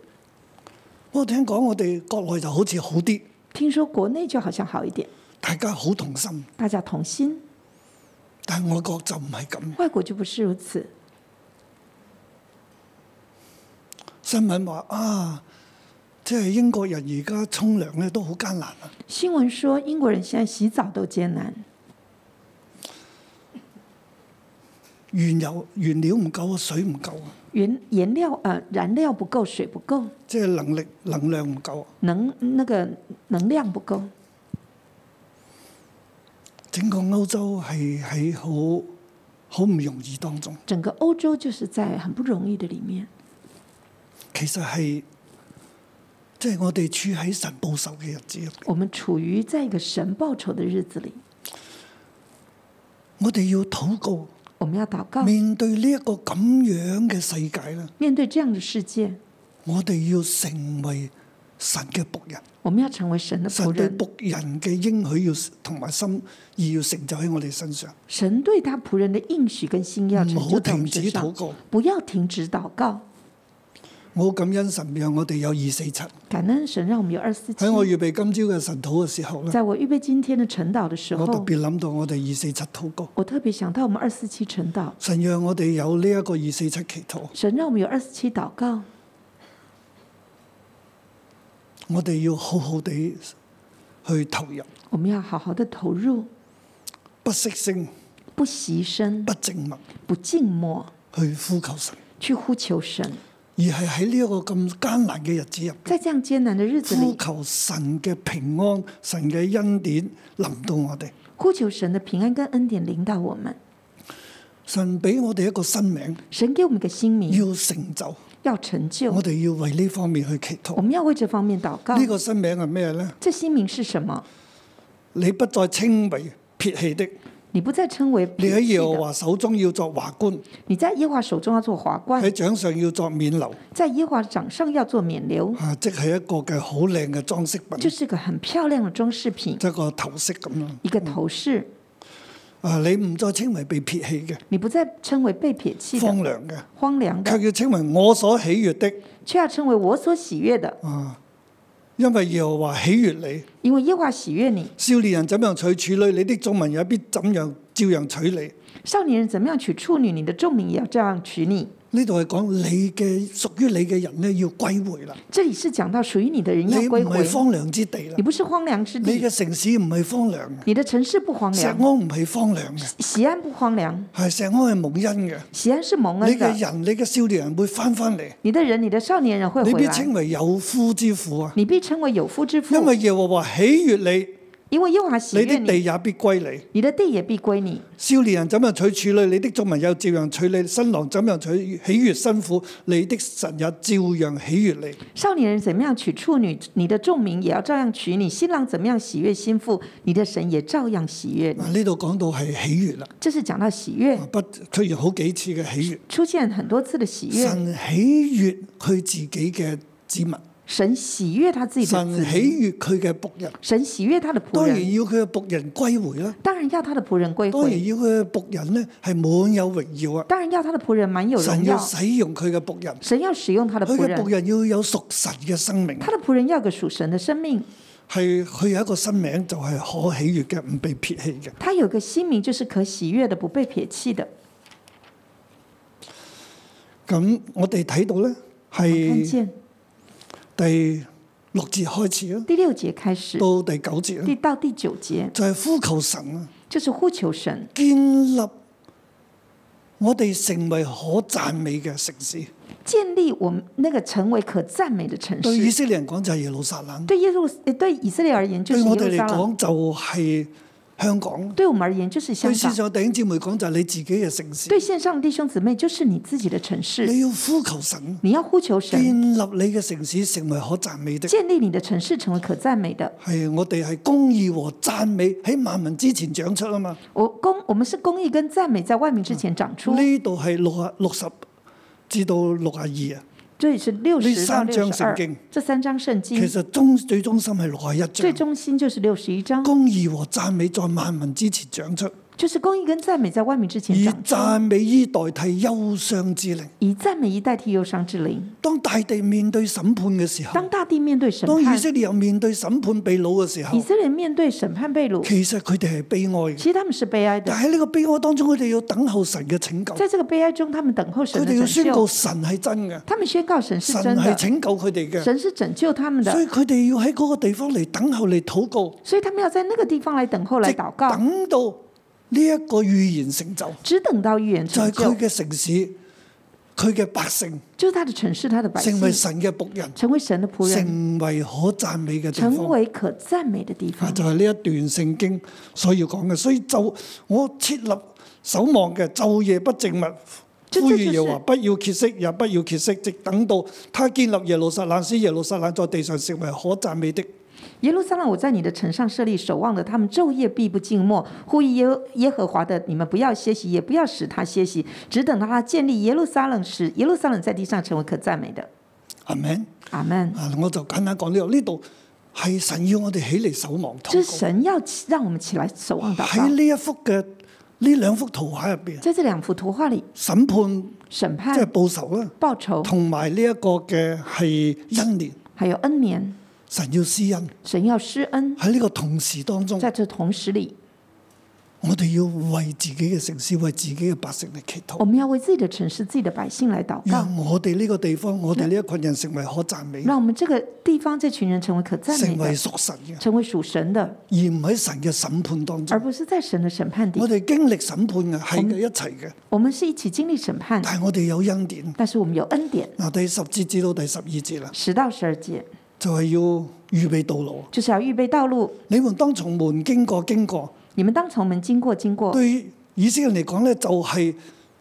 不過聽講我哋國內就好似好啲，聽說國內就好像好一點。大家好同心，大家同心，但係我覺就唔係咁。外國就不是如此。新聞話啊，即、就、係、是、英國人而家沖涼咧都好艱難啊。新聞說英國人現在洗澡都艱難，原油原料唔夠啊，水唔夠啊，原原料啊、呃、燃料不夠，水不夠，即、就、係、是、能力能量唔夠，能那個能量不夠。整個歐洲係喺好好唔容易當中，整個歐洲就是在很不容易的裏面。其實係即係我哋處喺神報仇嘅日子。我們處於在一個神報仇的日子裏，我哋要禱告。我們要禱告，面對呢一個咁樣嘅世界啦。面對這樣的世界，我哋要成為。神嘅僕人，我們要成為神的僕人。神對僕人嘅應許要同埋心意要成就喺我哋身上。神對他僕人的應許跟心要成就喺我哋身上。唔好停止禱告，不要停止禱告。我感恩神讓我哋有二四七。感恩神讓我們有二四七。喺我預備今朝嘅晨禱嘅時候咧，在我預備今天嘅晨禱嘅時候，我特別諗到我哋二四七禱告。我特別想到我們二四七晨禱。神讓我哋有呢一個二四七祈禱。神讓我們有二四七禱告。我哋要好好地去投入。我們要好好地投入，不惜聲，不犧牲，不靜默，不靜默，去呼求神，去呼求神，而係喺呢一個咁艱難嘅日子入邊，喺這樣艱難嘅日子裏，呼求神嘅平安，神嘅恩典臨到我哋。呼求神嘅平安跟恩典，領導我們。神俾我哋一個新名。神叫我們嘅新名，要成就。要成就，我哋要為呢方面去祈禱。我們要為這方面禱告。呢個新名係咩咧？這新名是什麼？你不再稱為撇棄的。你不再稱為。你喺耶和華手中要做華冠。你在耶和華手中要做華冠。喺掌上要做冕旒。在耶和華掌上要做冕旒。啊，即係一個嘅好靚嘅裝飾品。就是個很漂亮嘅裝飾品。一個頭飾咁咯、嗯。一個頭飾。啊！你唔再稱為被撇棄嘅，你不再稱為被撇棄嘅，荒涼嘅，荒涼嘅，卻要稱為我所喜悅的，卻要稱為我所喜悅的。啊！因為耶和華喜悅你，因為耶和華喜悅你。少年人怎樣娶處女，你的眾民也必怎樣，照樣娶你。少年人怎麼樣娶處女？你的眾民也要這樣娶你。呢度係講你嘅屬於你嘅人呢，要歸回啦。這裏是講到屬於你嘅人要歸回。歸回荒涼之地啦，你不是荒涼之地。你嘅城市唔係荒涼嘅。你的城市不荒涼。石安唔係荒涼嘅。石安不荒涼。係石安係蒙恩嘅。石安是蒙恩，是蒙恩。你嘅人，你嘅少年人會翻翻嚟。你嘅人，你嘅少年人會。你必稱為有夫之婦啊。你必稱為有夫之婦，啊。因為耶和華喜悅你。因為耶和華喜悅你，你的地也必歸你。你的地也必歸你。少年人怎樣娶處女，你的眾民又照樣娶你；新郎怎樣取，喜悅新婦？你的神也照樣喜悅你。少年人怎麼樣娶處女，你的眾民也要照樣娶你，你,你；新郎怎麼樣喜悅新婦？你的神也照樣喜悅你。呢度講到係喜悅啦，即係講到喜悅，不出現好幾次嘅喜悅，出現很多次嘅喜悅，神喜悅佢自己嘅子民。神喜悅他自己，自己，神喜悅佢嘅僕人，神喜悅他的僕人，當然要佢嘅僕人歸回啦。當然要他的僕人歸回，當然要佢嘅僕人呢，係滿有榮耀啊！當然要他的僕人滿有榮耀。神要使用佢嘅僕人，人，神要使用他的僕人，佢嘅僕人要有屬神嘅生命。他嘅僕人要有個屬神嘅生命，係佢有一個新名，就係可喜悅嘅，唔被撇棄嘅。他有個新名，就是可喜悅嘅，唔被撇棄嘅。咁我哋睇到呢係。第六節開始咯，第六節開始到第九節，第到第九節就係呼求神咯，就是呼求神，就是，呼求神建立我哋成為可讚美嘅城市，建立我們那個成為可讚美的城市。對以色列人講就係耶路撒冷，對耶路對以色列而言，對我哋嚟講就係，是。香港，對我們而言就是香港。對線上弟兄姊妹講就係你自己嘅城市。對線上弟兄姊妹就是你自己的城市。你要呼求神，你要呼求神，建立你嘅城市成為可讚美的。建立你的城市成為可讚美的。係，我哋係公義和讚美喺萬民之前長出啊嘛。我公，我們是公義跟讚美在外面之前長出。呢度係六啊六十至到六啊二啊。呢三章聖經，這三章聖經，其實中最中心係哪一章？最中心就是六十一章。公義和讚美在萬民之前講出。就是公義跟讚美在外面之前，以讚美以代替憂傷之靈，以讚美以代替憂傷之靈。當大地面對審判嘅時候，當大地面對審判，當以色列又面對審判秘魯嘅時候，以色列面對審判秘魯。其實佢哋係悲哀嘅，其實他們是悲哀的。但喺呢個悲哀當中，佢哋要等候神嘅拯救。在這個悲哀中，他們等候神嘅拯救。佢哋要宣告神係真嘅，他們宣告神是真的。神係拯救佢哋嘅，神是拯救他們的。所以佢哋要喺嗰個地方嚟等候嚟禱告。所以他們要在那個地方來等候來禱告，等到。呢、這、一個預言成就，只等到預言成就，佢、就、嘅、是、城市，佢嘅百姓，就是、他的城市，他的百姓，成為神嘅僕人，成為神的僕人，成為可讚美嘅，成為可讚美的地方，就係、是、呢一段聖經所要講嘅。所以就我設立守望嘅，晝夜不靜默。呼籲耶華、就是，不要歇息，也不要歇息，直等到他建立耶路撒冷，使耶路撒冷在地上成為可讚美的。耶路撒冷，我在你的城上設立守望的，他們晝夜必不靜默，呼籲耶耶和華的。你們不要歇息，也不要使他歇息，只等到他建立耶路撒冷時，耶路撒冷在地上成為可讚美的。阿門，阿門。我就簡單講呢度。呢度係神要我哋起嚟守望。即就是、神要讓我們起來守望。喺呢一幅嘅呢兩幅圖畫入邊，在這兩幅,幅圖畫裏，審判、審判，即、就、係、是、報仇啦，報仇，同埋呢一個嘅係恩年，還有恩年。神要施恩，神要施恩喺呢個同時當中，在這同時裏，我哋要為自己嘅城市、為自己嘅百姓嚟祈禱。我們要為自己的城市、為自己的百姓來禱告。讓我哋呢個地方、我哋呢一群人成為可讚美。讓我們這個地方、這群人成為可讚美，成為屬神嘅，成為屬神的，而唔喺神嘅審判當中，而不是在神的審判點。我哋經歷審判嘅係一齊嘅，我們是一起經歷審判，但係我哋有恩典，但是我們有恩典。嗱，第十節至到第十二節啦，十到十二節。就係、是、要預備道路，就是要預備道路。你們當從門經過，經過。你們當從門經過，經過。對於以色列人嚟講咧，就係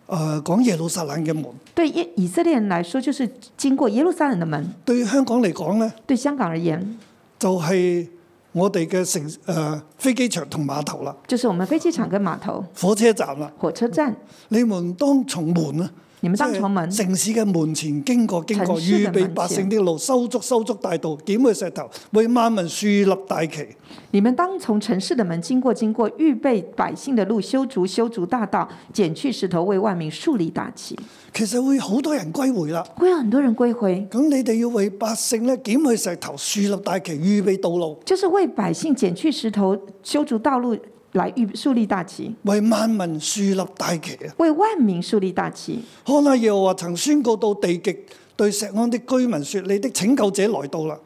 誒講耶路撒冷嘅門。對於以色列人嚟說，就是經過耶路撒冷的門。對於香港嚟講咧，對香港而言，就係、是、我哋嘅城誒、呃、飛機場同碼頭啦。就是我們的飛機場嘅碼頭、火車站啦、火車站。你們當從門啊！你們當從門城市嘅門前經過經過，預備百姓的路，修築修築大道，撿去石頭，為萬民樹立大旗。你們當從城市的門經過經過，預備百姓的路，修築修築大道，撿去石頭，為萬民樹立大旗。其實會好多人歸回啦。會有很多人歸回。咁你哋要為百姓呢，撿去石頭，樹立大旗，預備道路。就是為百姓撿去石頭，修築道路。來樹立大旗，為萬民樹立大旗啊！為萬民樹立大旗。看那耶和華曾宣告到地極，對錫安的居民說：你的拯救者來到啦！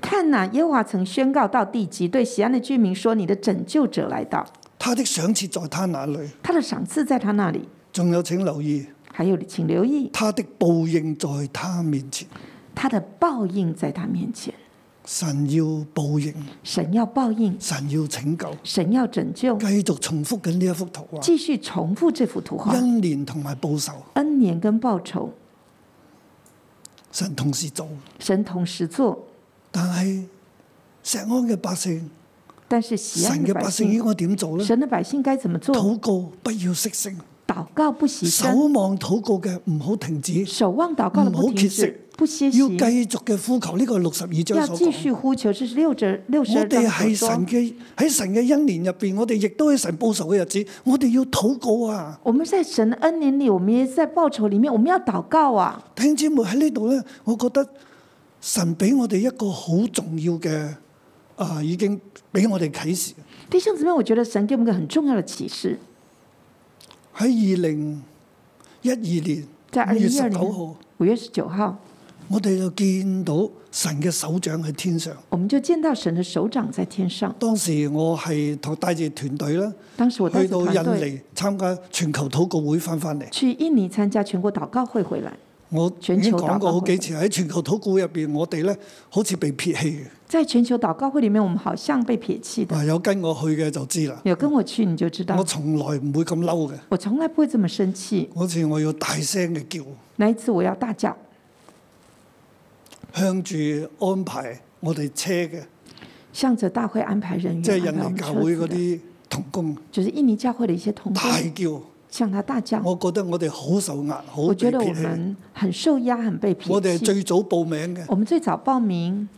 看那耶和華曾宣告到地極，對錫安的居民說：你的拯救者來到。他的賞賜在他那裏，他的賞賜在他那裏。仲有請留意，還有請留意，他的報應在他面前，他的報應在他面前。神要報應，神要報應，神要拯救，神要拯救，繼續重複緊呢一幅圖畫，繼續重複呢幅圖畫，恩年同埋報仇，恩年跟報仇，神同時做，神同時做，但係錫安嘅百姓，但係神嘅百,百姓應該點做咧？神嘅百姓該點做？禱告不要息聲，禱告不息，守望禱告嘅唔好停止，守望禱告嘅，唔好缺席。不要繼續嘅呼求，呢個六十二章要繼續呼求，這個，是六折六十二章。我哋係神嘅，喺神嘅恩年入邊，我哋亦都喺神報仇嘅日子，我哋要禱告啊！我們在神恩年裡，我們也在報仇裡面，我們要禱告啊！弟兄姊妹喺呢度咧，我覺得神俾我哋一個好重要嘅，啊，已經俾我哋啟示。弟兄姊妹，我覺得神給我們一個很重要嘅，啊，啟，啟示。喺二零一二年五月十九號。五月十九號。我哋就見到神嘅手掌喺天上。我們就見到神嘅手掌在天上。當時我係同帶住團隊啦。當時我去到印尼參加全球禱告會，翻翻嚟。去印尼參加全國禱告會回來。我已經講咗好幾次喺全球禱告會入邊，我哋咧好似被撇棄嘅。在全球禱告會裡面，我們好像被撇棄的。啊，有跟我去嘅就知啦。有跟我去你就知道。我從來唔會咁嬲嘅。我從來不會這麼生氣。好似我要大聲嘅叫。那一次我要大叫。向住安排我哋車嘅，向着大會安排人員，即係印尼教會嗰啲同工，就是印尼教會的一些同工大叫，向他大叫。我覺得我哋好受壓，好被。我覺得我們很受壓，很被。我哋係最早報名嘅，我們最早報名，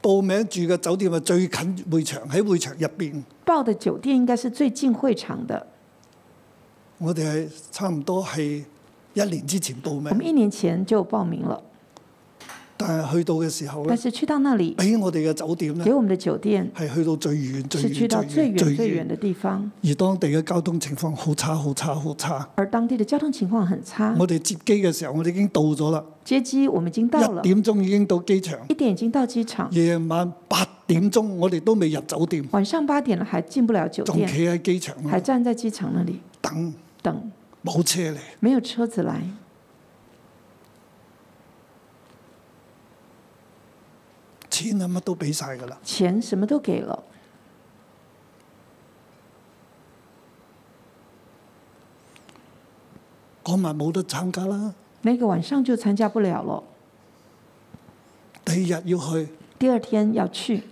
報名住嘅酒店係最近會場，喺會場入邊，報的酒店應該是最近會場的。我哋係差唔多係一年之前報名，我們一年前就報名了。但係去到嘅時候呢，喺、哎、我哋嘅酒店呢，係去到最遠、最遠、最遠、最遠、最遠嘅地方。而當地嘅交通情況好差、好差、好差。而當地嘅交通情況很差。我哋接機嘅時候，我哋已經到咗啦。接機，我哋已經到了。一點鐘已經到機場。一點已經到機場。夜晚八點鐘，我哋都未入酒店。晚上八點了，還進不了酒店。仲企喺機場咯。還站在機場嗰裡等。等。冇車嚟。沒有車子來。錢乜都俾晒噶啦，錢什麼都給了，我咪冇得參加啦。呢個晚上就參加不了咯。第二日要去，第二天要去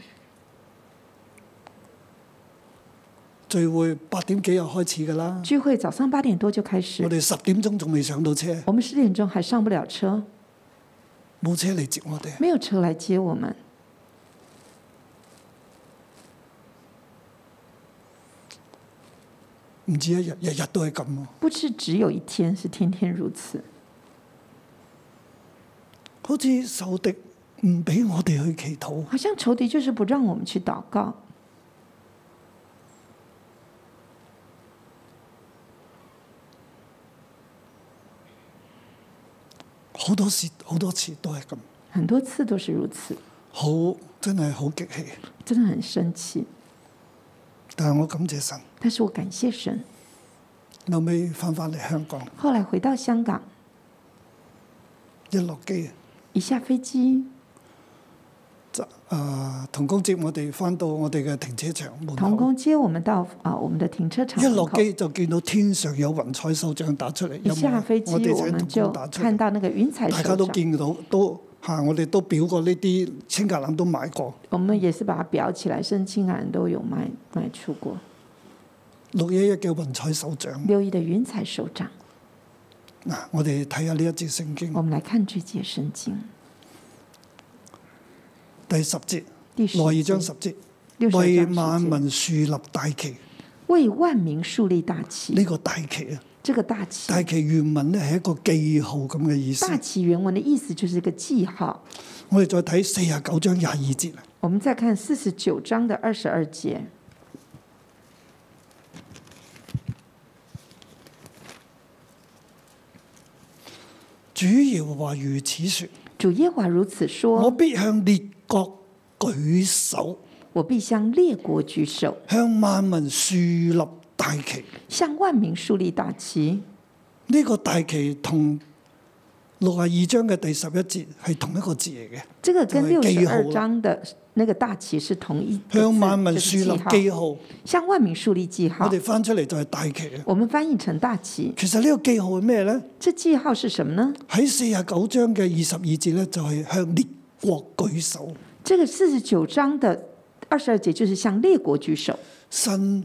聚會，八點幾又開始噶啦。聚會早上八點多就開始。我哋十點鐘仲未上到車，我們十點鐘還上不了車，冇車嚟接我哋，沒有車嚟接我們。唔止一日，日日都係咁咯。不是只有一天，是天天如此。好似仇敵唔俾我哋去祈禱。好像仇敵就是不讓我們去禱告。好多時，好多次都係咁。很多次都是如此。好，真係好激氣。真係很生氣。但係我感謝神，但是我感謝神。後尾翻返嚟香港，後來回到香港，一落機，一下飛機，就啊，同工接我哋翻到我哋嘅停車場門口，同工接我們到啊，我們嘅停車場，一落機就見到天上有雲彩手掌打出嚟，一下飛機，我們就看到那個雲彩手掌，大家都見到都。嚇！我哋都裱過呢啲，青橄欖都買過。我們也是把它裱起來，深青橄欖都有賣賣出過。六一一嘅雲彩手掌、嗯。六一的雲彩手掌。嗱，我哋睇下呢一節聖經。我們來看這節聖經。第十節。第十二章十節。為萬民樹立大旗。為萬民樹立大旗。呢、這個大旗啊！這個大旗，大旗原文呢，係一個記號咁嘅意思。大旗原文的意思就是一個記號。我哋再睇四十九章廿二節。我們再看四十九章嘅二十二節。主要話如此說。主耶華如此說。我必向列國舉手。我必向列國舉手。向萬民樹立。大旗向萬民樹立大旗，呢、這個大旗同六十二章嘅第十一節係同一個字嚟嘅。這個跟六十二章的那個大旗是同一個字。向萬民樹立記號，向萬民樹立，立記號。我哋翻出嚟就係大旗。我們翻譯成大旗。其實呢個記號係咩呢？即記號是什麼呢？喺四十九章嘅二十二節呢，就係向列國舉手。這個四十九章的二十二節就是向列國舉手。伸。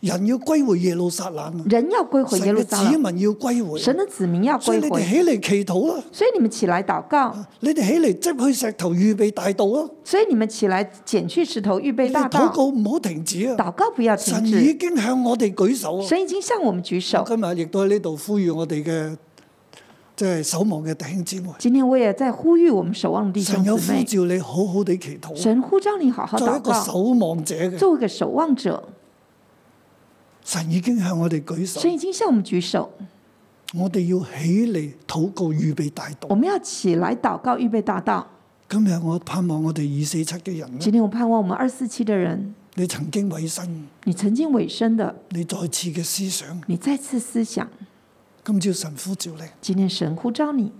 人要歸回耶路撒冷啊！人要歸回耶路撒冷。神嘅子民要歸回。神的子民要歸回、啊。你哋起嚟祈禱啦。所以你們起來禱告、啊。所以你哋起嚟執去石頭預備大道啊！所以你們起來撿去石頭預備大道、啊。禱告唔好停止啊！禱告不要停止。神已經向我哋舉手、啊、神已經向我們舉手。今日亦都喺呢度呼籲我哋嘅，即係守望嘅弟兄姊妹。今天我也在呼籲我們守望的弟兄姊妹。神有呼召你好好地祈禱。神呼召你好好禱告。做一個守望者嘅。做一個守望者。神已經向我哋舉手，神已經向我們舉手，我哋要起嚟禱告預備大道。我們要起來禱告預備大道。今日我盼望我哋二四七嘅人，今天我盼望我們二四七嘅人，你曾經委身，你曾經委身的，你再次嘅思想，你再次思想。今朝神呼召你，今天神呼召你，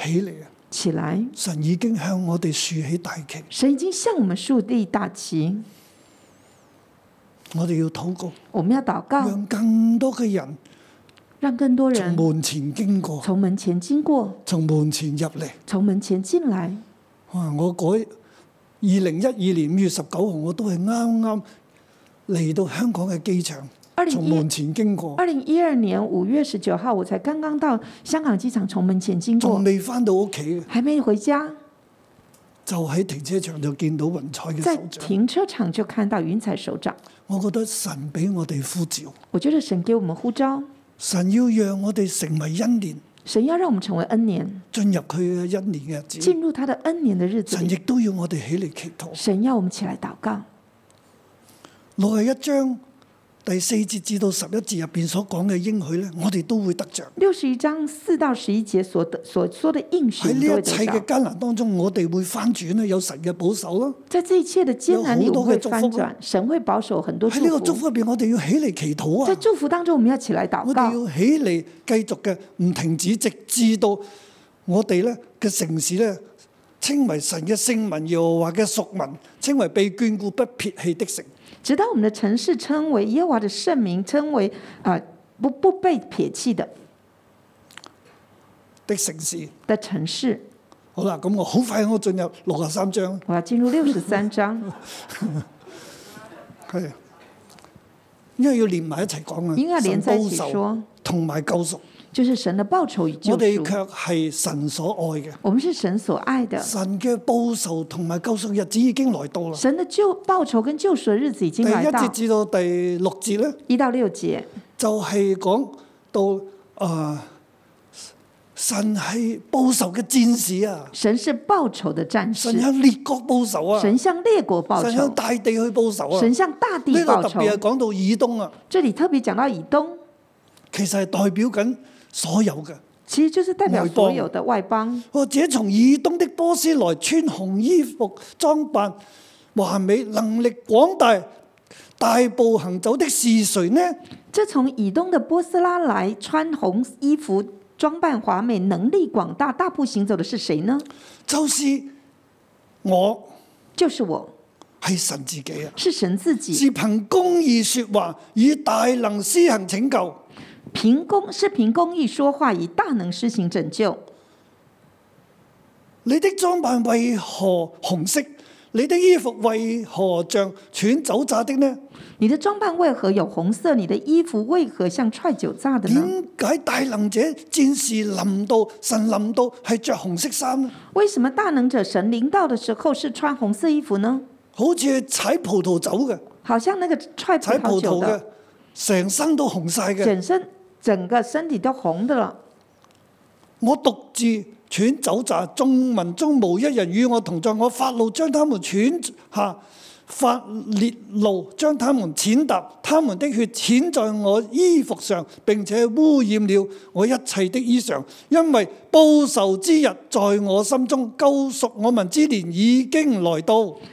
起嚟啊！起來，神已經向我哋豎起大旗，神已經向我們豎立大旗。我哋要禱告，我們要禱告，讓更多嘅人，讓更多人從門前經過，從門前經過，從門前入嚟，從門前進來。哇！我改二零一二年五月十九號，我都係啱啱嚟到香港嘅機場。二零一從門前經過，二零一二年五月十九號，我才剛剛到香港機場，從門前經過，仲未翻到屋企，還沒回家。就喺停車場就見到雲彩嘅手掌。停車場就看到雲彩手掌。我覺得神畀我哋呼召。我覺得神給我們呼召。神要讓我哋成為恩年。神要讓我們成為恩年。進入佢嘅恩年嘅日子。進入他嘅恩年嘅日子。神亦都要我哋起嚟祈禱。神要我們起來禱告。來一張。第四節至到十一節入邊所講嘅應許咧，我哋都會得着。六十一章四到十一節所得所說的應許，喺呢一切嘅艱難當中，我哋會翻轉咧，有神嘅保守咯。在這一切嘅艱難裏度會翻轉，神會保守很多祝福。喺呢個祝福入邊，我哋要起嚟祈禱啊！喺祝福當中，我哋要起嚟禱告。我哋要起嚟繼續嘅，唔停止，直至到我哋咧嘅城市咧，稱為神嘅聖民，耶和華嘅屬民，稱為被眷顧不撇棄的城。直到我們的城市稱為耶和華的聖名，稱為啊、呃、不不被撇棄的的城市的城市，的城市好。好啦，咁我好快我進入六十三章了了。我要進入六十三章。係，因為要連埋一齊講啊。應該連在一起說保守同埋救贖。就是神的報仇與救贖，我哋卻係神所愛嘅。我們是神所愛的。神嘅報仇同埋救贖日子已經來到啦。神的救報仇跟救贖的日子已經來到。第一節至到第六節咧，一到六節就係、是、講到啊、呃，神係報仇嘅戰士啊。神是報仇的戰士，神向列國報仇啊，神向列國報仇，神向大地去報仇、啊，神向大地。呢度特別係講到以東啊，這裡特別講到以東、啊，其實係代表緊。所有嘅，其實就係代表所有的外邦，或者從以東的波斯來穿紅衣服裝扮華美、能力廣大、大步行走的是誰呢？這從以東的波斯拉來穿紅衣服裝扮華美、能力廣大、大步行走的是誰呢？就是我，就是我，係神自己啊！是神自己，是憑公義說話，以大能施行拯救。憑公是憑公義說話，以大能施行拯救。你的裝扮為何紅色？你的衣服為何像踹酒渣的呢？你的裝扮為何有紅色？你的衣服為何像踹酒渣的呢？點解大能者戰士臨到神臨到係着紅色衫呢？為什麼大能者神臨到的時候是穿紅色衣服呢？好似踩葡萄酒嘅，好像那個踹葡萄酒嘅，成身都紅晒嘅，全身。整個身體都紅的啦！我獨自喘走咋，眾民中無一人與我同在。我發怒將他們喘下，發烈怒將他們踐踏，他們的血濺在我衣服上，並且污染了我一切的衣裳。因為報仇之日在我心中，救贖我民之年已經來到。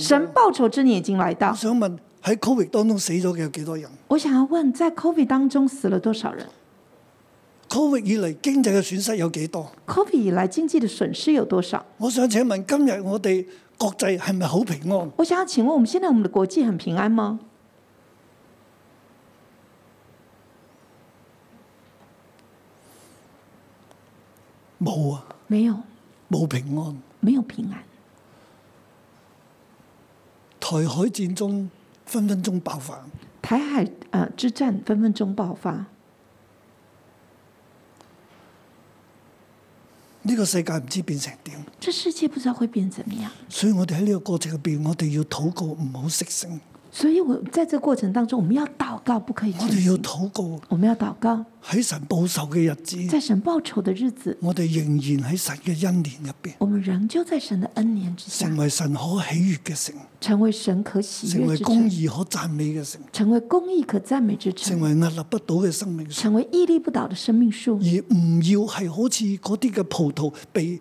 神報仇之年已經來到。我想問喺 Covid 當中死咗嘅有幾多人？我想要問，在 Covid 當中死了多少人？Covid 以嚟經濟嘅損失有幾多？Covid 以來經濟的損失有多少？我想請問今日我哋國際係咪好平安？我想要請問，我們現在我們的國際很平安嗎？冇啊，沒有，冇平安，沒有平安。台海戰爭分分鐘爆發，台海啊之戰分分鐘爆發，呢個世界唔知變成點？這世界不知道會變成怎麼樣。所以我哋喺呢個過程入邊，我哋要禱告，唔好息聲。所以我在這個過程當中，我們要禱告，不可以。我哋要禱告，我們要禱告。喺神報仇嘅日子，在神報仇的日子，我哋仍然喺神嘅恩典入邊。我們仍舊在神的恩典之下，成為神可喜悦嘅城，成為神可喜悦，成為公義可讚美嘅城，成為公義可讚美之城，成為屹立不倒嘅生命，成為屹立不倒的生命樹，而唔要係好似嗰啲嘅葡萄被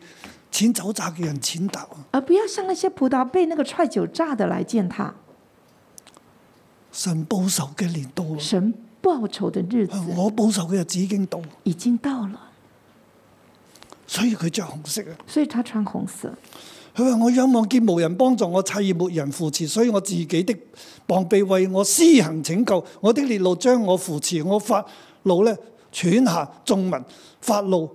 踹酒榨嘅人踐踏。而不要像那些葡萄被那個踹酒榨的來踐踏。神報仇嘅年到，神報仇的日子，我報仇嘅日子已經到，已經到了。所以佢着紅色啊！所以他穿紅色。佢話我仰望見無人幫助我，棄而沒人扶持，所以我自己的膀臂為我施行拯救，我的烈怒將我扶持，我發怒呢，喘下眾民發怒。法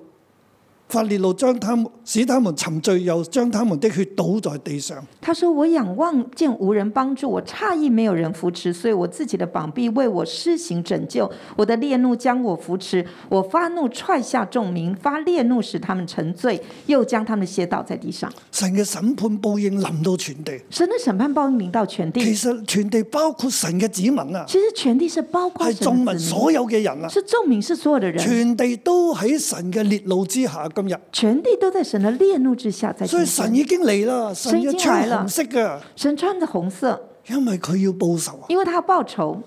發烈怒將他們使他們沉醉，又將他們的血倒在地上。他說：我仰望見無人幫助，我詫異沒有人扶持，所以我自己的膀臂為我施行拯救，我的烈怒將我扶持。我發怒踹下眾民，發烈怒使他們沉醉，又將他們血倒在地上。神嘅審判報應臨到全地，神嘅審判報應臨到全地。其實全地包括神嘅子民啊。其實全地是包括係眾民所有嘅人啊。是眾民是所有的人。全地都喺神嘅烈怒之下。全地都在神的烈怒之下，在所以神已經嚟啦，神要穿紅色嘅，神穿着紅色，因為佢要報仇，因為他要報仇，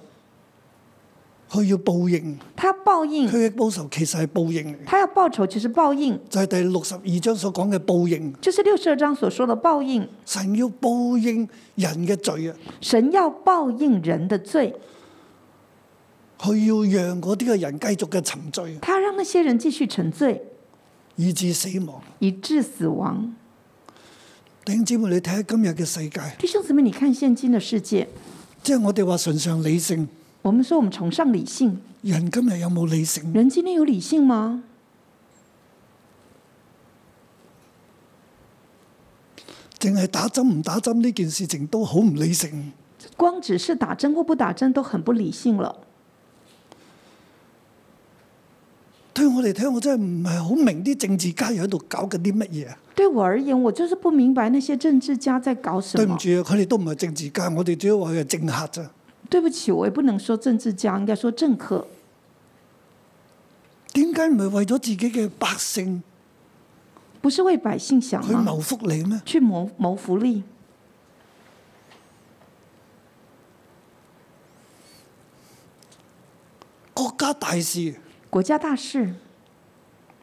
佢要報應，他報應，佢嘅報仇其實係報應，他要報仇，其實報應就係第六十二章所講嘅報應，就係六十二章所說嘅報應，神要報應人嘅罪啊，神要報應人的罪，佢要讓嗰啲嘅人繼續嘅沉醉，他讓那些人繼續沉醉。以致死亡。以致死亡。弟兄姊妹，你睇下今日嘅世界。弟兄姊妹，你看現今嘅世界。即係我哋話崇尚理性。我們說我們崇尚理性。人今日有冇理性？人今天有理性嗎？淨係打針唔打針呢件事情都好唔理性。光只是打針或不打針都很不理性了。對我嚟聽，我真係唔係好明啲政治家又喺度搞緊啲乜嘢啊！對我而言，我就是不明白那些政治家在搞什麼。對唔住，佢哋都唔係政治家，我哋主要話佢係政客咋。對不起，我也不能說政治家，應該說政客。點解唔係為咗自己嘅百姓？不是為百姓想，去謀福利咩？去謀謀福利？國家大事。國家大事，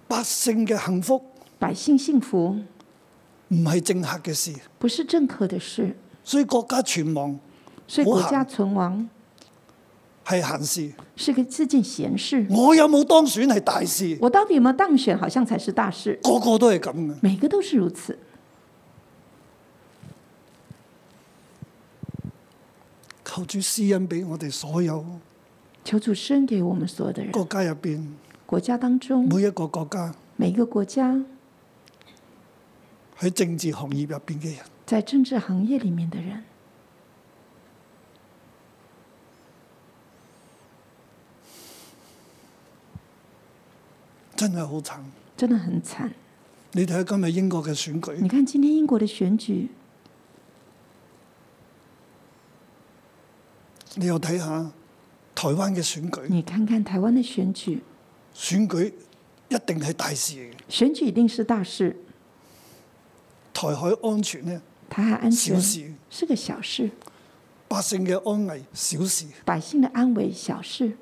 百姓嘅幸福，百姓幸福唔係政客嘅事，不是政客的事。所以國家存亡，所以國家存亡係閒事，是個自盡閒事。我有冇當選係大事，我到底有冇當選，好像才是大事。個個都係咁嘅，每個都是如此。求主施恩俾我哋所有。求助伸給我們所有的人，國家入邊，國家當中，每一個國家，每個國家喺政治行業入面嘅人，在政治行業裏面的人，真係好慘，真的很慘。你睇下今日英國嘅選舉，你看今天英國嘅選舉，你又睇下。台灣嘅選舉，你看看台灣嘅選舉，選舉一定係大事。選舉一定是大事。台海安全呢？台海安全小事，是個小事。百姓嘅安危小事，百姓的安危小事。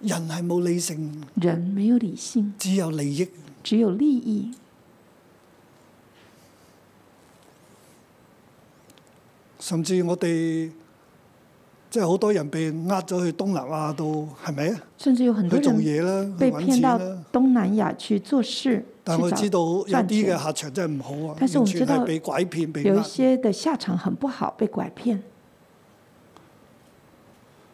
人係冇理性，人冇理性，只有利益，只有利益。甚至我哋即係好多人被呃咗去東南亞度，係咪啊？甚至有很多人被騙到東南亞去做事去。但我知道有啲嘅下場真係唔好啊。但是我知道被拐騙被騙的有一些嘅下場很不好，被拐騙。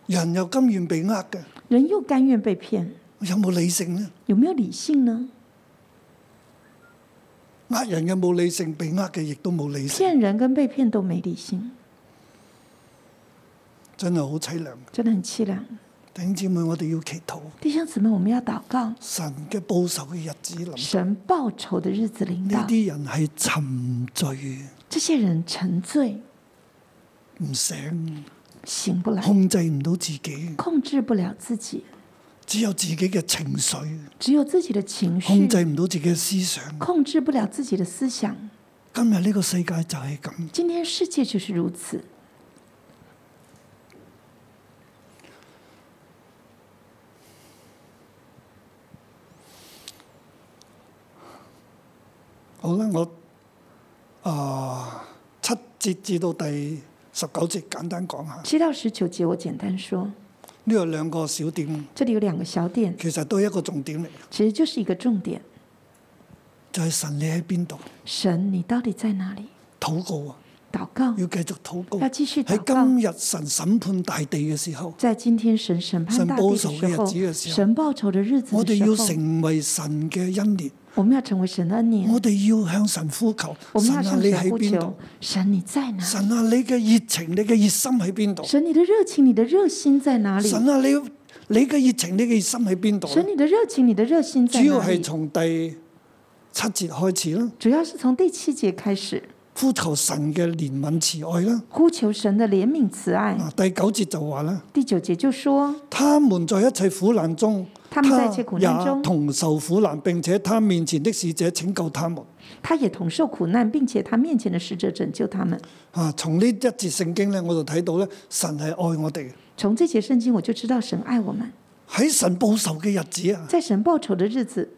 人又甘願被呃嘅？人又甘願被騙？有冇理性呢？有冇理性呢？呃人嘅冇理性，被呃嘅亦都冇理性。騙人跟被騙都冇理性。真係好淒涼，真的很淒涼。弟兄姊妹，我哋要祈禱。弟兄姊妹，我們要禱告。神嘅報仇嘅日子臨。神報仇嘅日子臨到。呢啲人係沉醉。這些人沉醉，唔醒，醒不來，控制唔到自己，控制不了自己，只有自己嘅情緒，只有自己嘅情緒，控制唔到自己嘅思想，控制不了自己嘅思想。今日呢個世界就係咁。今天世界就是如此。好啦，我啊、呃、七節至到第十九節，簡單講下。七到十九節，我簡單說。呢個兩個小點。這裏有兩個小點。其實都一個重點嚟。其實就是一個重點，就係、是、神你喺邊度？神你到底在哪裏？禱告啊！禱告。要繼續禱告。要繼續禱告。喺今日神審判大地嘅時候。在今天神審判大地嘅時候。神報仇嘅日子嘅時候。神報仇嘅日子嘅時候。我哋要成為神嘅恩典。我們要成為神的恩典。我哋要向神呼求。我們要向神呼求。神啊，你在哪？神啊，你嘅熱情、你嘅熱心喺邊度？神你的熱情、你的熱心在哪裡？神啊，你你嘅熱情、你嘅熱心喺邊度？神你的熱情、你的熱心在哪裡，啊？主要係從第七節開始啦。主要是從第七節開始，呼求神嘅憐憫慈愛啦。呼求神的憐憫慈愛。第九節就話啦。第九節就說，他們在一切苦難中。他們在此苦難中，他也同受苦難，並且他面前的使者拯救他們。他也同受苦難，並且他面前的使者拯救他們。啊，從呢一節聖經呢，我就睇到呢，神係愛我哋。從這節聖經，我就知道神愛我們。喺神報仇嘅日子啊，在神報仇嘅日子，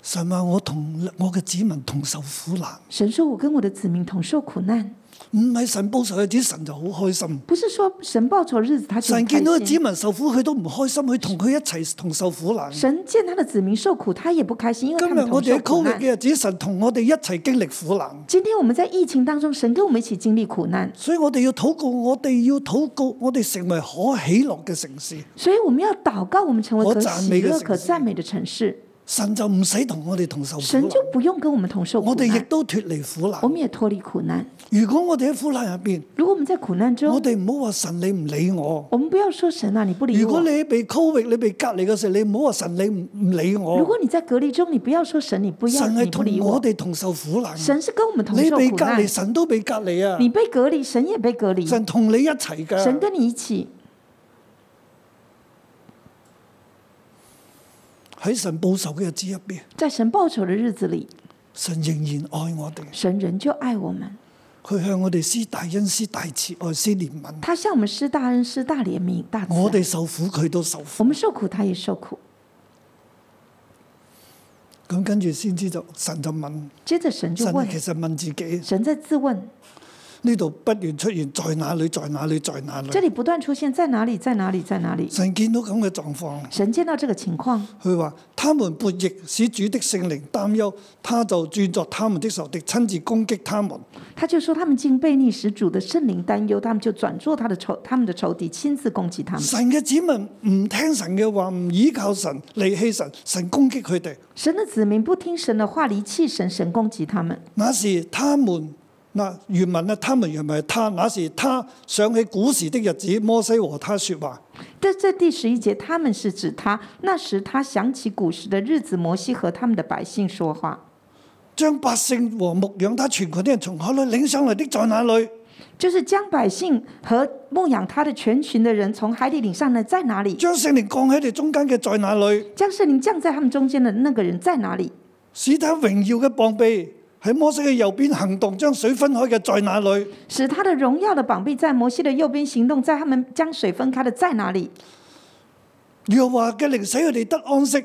神話我同我嘅子民同受苦難。神說，我跟我的子民同受苦難。唔係神報仇嘅日子，神就好開心。不是說神報仇日子，他神見到的子民受苦，佢都唔開心，佢同佢一齊同受苦難。神見他的子民受苦，他也不開心，因為他們同受苦難。今日我哋嘅經歷嘅日子，神同我哋一齊經歷苦難。今天我們在疫情當中，神跟我們一起經歷苦難。所以我哋要禱告，我哋要禱告，我哋成為可喜樂嘅城市。所以我們要禱告，我們成為可喜樂、可讚美的城市。神就唔使同我哋同受苦。神就不用跟我們同受苦。我哋亦都脫離苦難。我們也脫離苦難。如果我哋喺苦難入邊，如果我們在苦難中，我哋唔好話，神你唔理我。我們不要說神啊，你不理我。如果你被 COVID，你被隔離嘅時候，你唔好話，神你唔理我。如果你在隔離中，你不要說神你不要你不理我。神係同我哋同受苦難。神是跟我們同受苦難。你被隔離，神都被隔離啊。你被隔離，神也被隔離。神同你一齊噶。神跟你一起。喺神報仇嘅日子入邊，在神報仇嘅日子裏，神仍然愛我哋。神仍舊愛我們，佢向我哋施大恩、施大慈愛、施憐憫。他向我們施大恩、施大憐憫、大慈。我哋受苦，佢都受苦。我們受苦，他也受苦。咁跟住先知道，神就問，接着神就問，神其實問自己，神在自問。呢度不斷出現，在哪裏，在哪裏，在哪裏？這裏不斷出現在哪裏，在哪裏，在哪裏？神見到咁嘅狀況，神見到這個情況，佢話：他們悖逆，使主的聖靈擔憂，他就轉作他們的仇敵，親自攻擊他們。他就說：他們竟悖逆使主的聖靈擔憂，他們就轉作他的仇，他們的仇敵親自攻擊他們。神嘅子民唔聽神嘅話，唔依靠神，離棄神，神攻擊佢哋。神嘅子民不聽神的話，離棄神，神攻擊他們。那時他們。嗱，原文呢？他們原為他，那是他想起古時的日子，摩西和他說話。但這第十一節，他們是指他，那時他想起古時的日子，摩西和他們的百姓說話。將百姓和牧養他全群的人從海裏領上來的，在哪裏？就是將百姓和牧養他的全群的人從海底領上呢在哪裏？將聖靈降喺你中間嘅，在哪裏？將聖靈降在他們中間的,中間的那個人，在哪裏？使他榮耀嘅膀臂。喺摩西嘅右邊行動，將水分開嘅，在哪裡？使他的榮耀的膀臂在摩西的右邊行動，在他們將水分開的，在哪裡？耶和華嘅靈使佢哋得安息，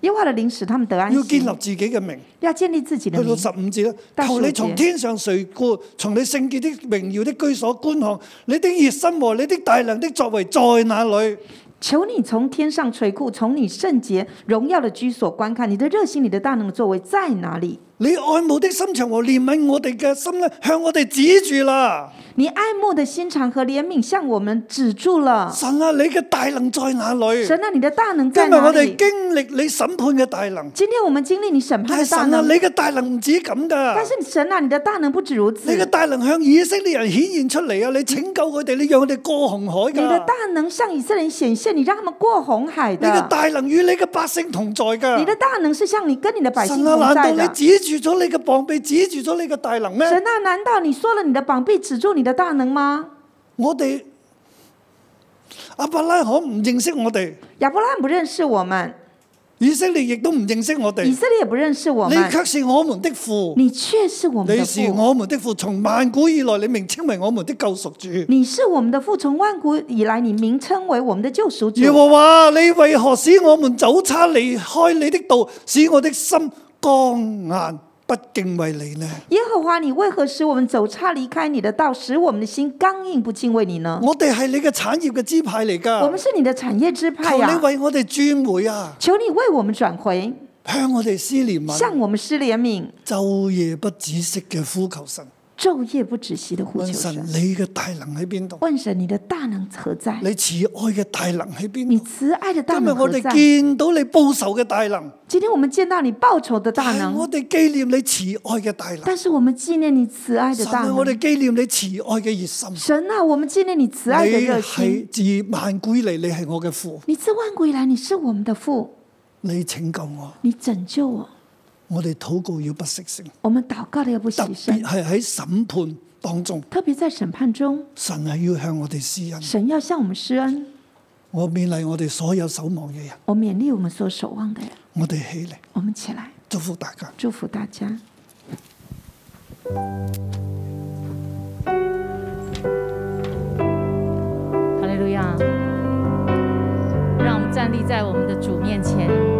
耶和華的靈使他們得安息。要建立自己嘅名，要建立自己嘅名。去到十五字咧，求你從天上垂顧，從上垂顧，從你聖潔的榮耀的居所觀看，你的熱心和你的大量的作為在哪裡？求你從天上垂顧，從你聖潔榮耀的居所觀看，你的熱心、你的大能的作為在哪裡？你愛慕的心腸和憐憫我哋嘅心咧，向我哋止住啦。你愛慕的心腸和憐憫向我們止住了。神啊，你嘅大能在哪裏？神啊，你嘅大能今日我哋經歷你審判嘅大能。今天我們經歷你審判的大能。神啊，你嘅大能唔止咁噶。但是神啊，你嘅大能不止如此。你嘅大能向以色列人顯現出嚟啊！你拯救佢哋，你讓佢哋過紅海噶。你嘅大能向以色列人顯現，你讓他們過紅海。你嘅大能與你嘅百姓同在噶。你嘅大能是向你跟你的百姓同在的啊，難道你止？住咗你嘅膀臂，止住咗你嘅大能咩？神啊，難道你說了你的膀臂止住你的大能嗎？我哋亞伯拉罕唔認識我哋，亞伯拉罕不認識我們，以色列亦都唔認識我哋，以色列也不認識我們。你卻是我們的父，你卻是我們，你是我們的父，從萬古以來，你名稱為我們的救贖主。你是我們的父，從萬古以來，你名稱為我們的救贖主。耶和華，你為何使我們走差離開你的道，使我的心剛硬不敬畏你呢？耶和華，你為何使我們走差離開你的道，使我們的心剛硬不敬畏你呢？我哋係你嘅產業嘅支派嚟噶。我們是你的產業支派呀。求你為我哋轉回啊！求你為我們轉回，向我哋施憐憫，向我們施憐憫，晝夜不止息嘅呼求神。晝夜不止息的呼求神，你嘅大能喺邊度？問神你的大能何在？你慈愛嘅大能喺邊度？你慈愛的大能何在？今日我哋見到你報仇嘅大能，今天我們見到你報仇的大能，今天我哋紀念你慈愛嘅大能。但是我們紀念你慈愛的大能，我哋紀念你慈愛嘅熱心。神啊，我們紀念你慈愛嘅熱心。自萬古以來，你係我嘅父。你自萬古以來，你是我們嘅父。你拯救我，你拯救我。我哋禱告要不息聲，我們禱告都要不息聲。特別係喺審判當中，特別在審判中，神係要向我哋施恩，神要向我們施恩。我勉勵我哋所有守望嘅人，我勉勵我們所守望嘅人。我哋起嚟，我們起來，祝福大家，祝福大家。哈利路亞！讓我們站立在我們的主面前。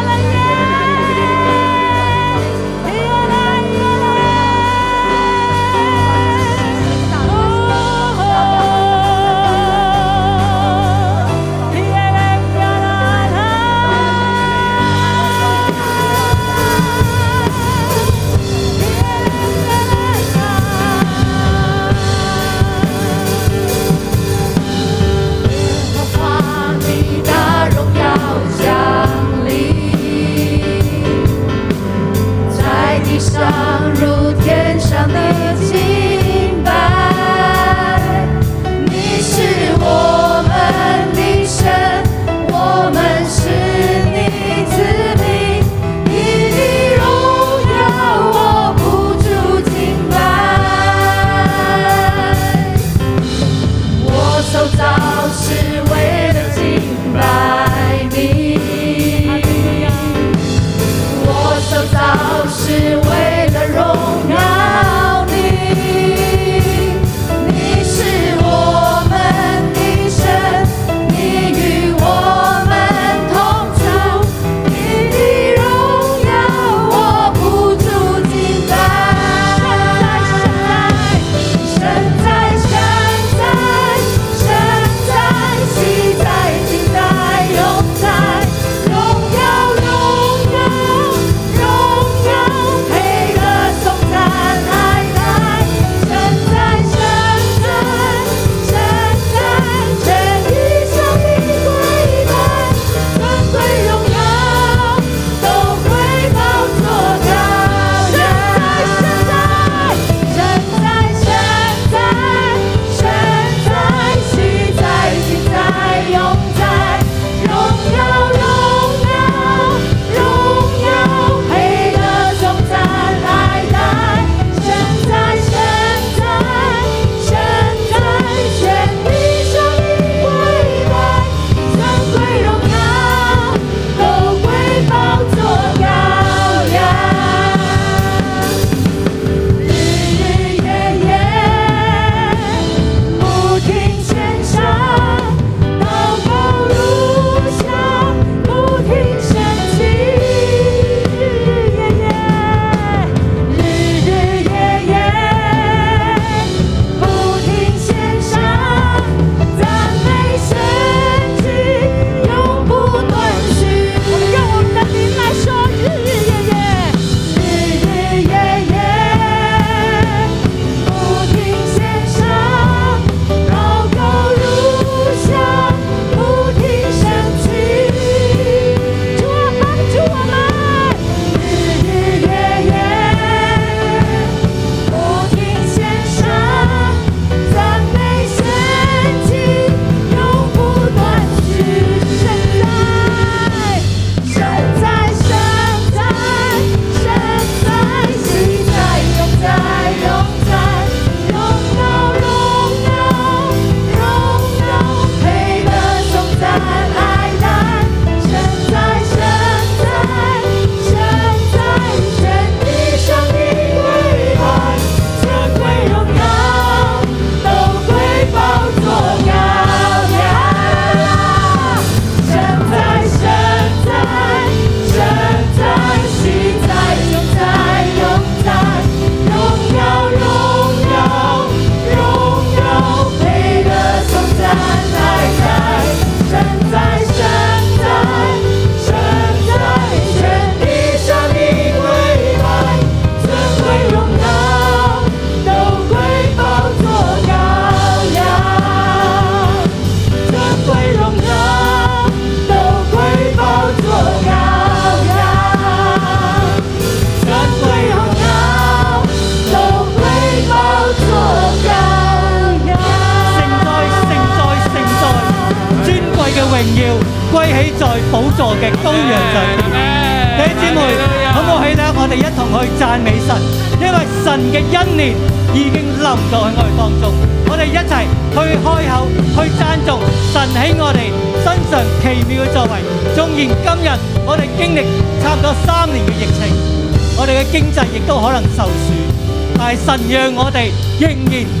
在寶座嘅羔羊上邊，弟兄姊妹，好冇氣呢？我哋一同去讚美神，因為神嘅恩憐已經臨在我哋當中。我哋一齊去開口去讚頌神喺我哋身上奇妙嘅作為。縱然今日我哋經歷差唔多三年嘅疫情，我哋嘅經濟亦都可能受損，但係神讓我哋仍然。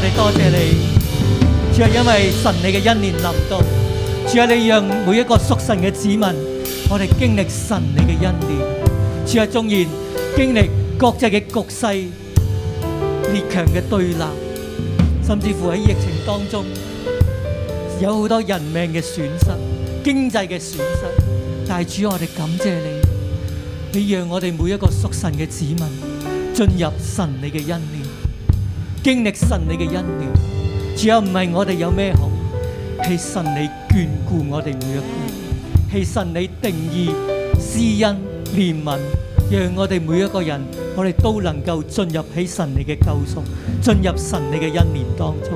我哋多謝你，主啊！因為神你嘅恩典臨到，主啊！你讓每一個屬神嘅子民，我哋經歷神你嘅恩典。主啊！縱然經歷國際嘅局勢、列強嘅對立，甚至乎喺疫情當中有好多人命嘅損失、經濟嘅損失，但係主，我哋感謝你，你讓我哋每一個屬神嘅子民進入神你嘅恩典。經歷神你嘅恩典，主要唔係我哋有咩好，係神你眷顧我哋每一個，係神你定義施恩憐憫，讓我哋每一個人，我哋都能夠進入喺神你嘅救贖，進入神你嘅恩典當中。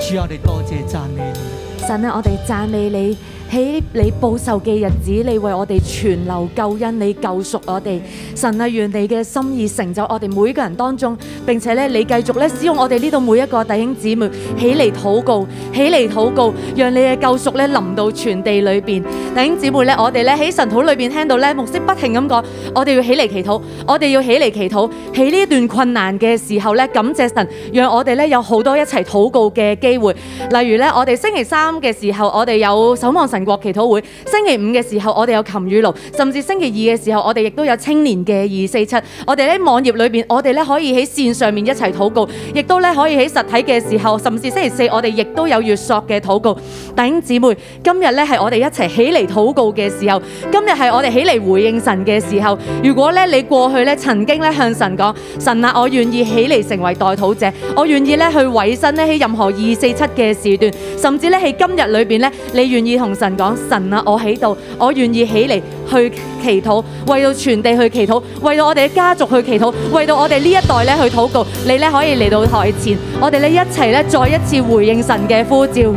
主要我哋多謝讚美你，神啊，我哋讚美你。喺你報仇嘅日子，你為我哋存留救恩，你救贖我哋。神啊，願你嘅心意成就我哋每個人當中，並且咧，你繼續咧，使用我哋呢度每一個弟兄姊妹，起嚟禱告，起嚟禱告，讓你嘅救贖咧臨到全地裏邊。弟兄姊妹咧，我哋咧喺神土裏邊聽到咧，牧師不停咁講，我哋要起嚟祈禱，我哋要起嚟祈禱。喺呢一段困難嘅時候咧，感謝神，讓我哋咧有好多一齊禱告嘅機會。例如咧，我哋星期三嘅時候，我哋有守望神。神國祈禱會，星期五嘅時候我哋有琴與爐，甚至星期二嘅時候我哋亦都有青年嘅二四七。我哋喺網頁裏邊，我哋咧可以喺綫上面一齊禱告，亦都咧可以喺實體嘅時候，甚至星期四我哋亦都有越索嘅禱告。弟兄姊妹，今日咧係我哋一齊起嚟禱告嘅時候，今日係我哋起嚟回應神嘅時候。如果咧你過去咧曾經咧向神講，神啊，我願意起嚟成為代禱者，我願意咧去委身呢喺任何二四七嘅時段，甚至咧喺今日裏邊咧，你願意同神。神講，神啊，我喺度，我願意起嚟去祈禱，為到全地去祈禱，為到我哋嘅家族去祈禱，為到我哋呢一代咧去禱告。你咧可以嚟到台前，我哋咧一齊咧再一次回應神嘅呼召。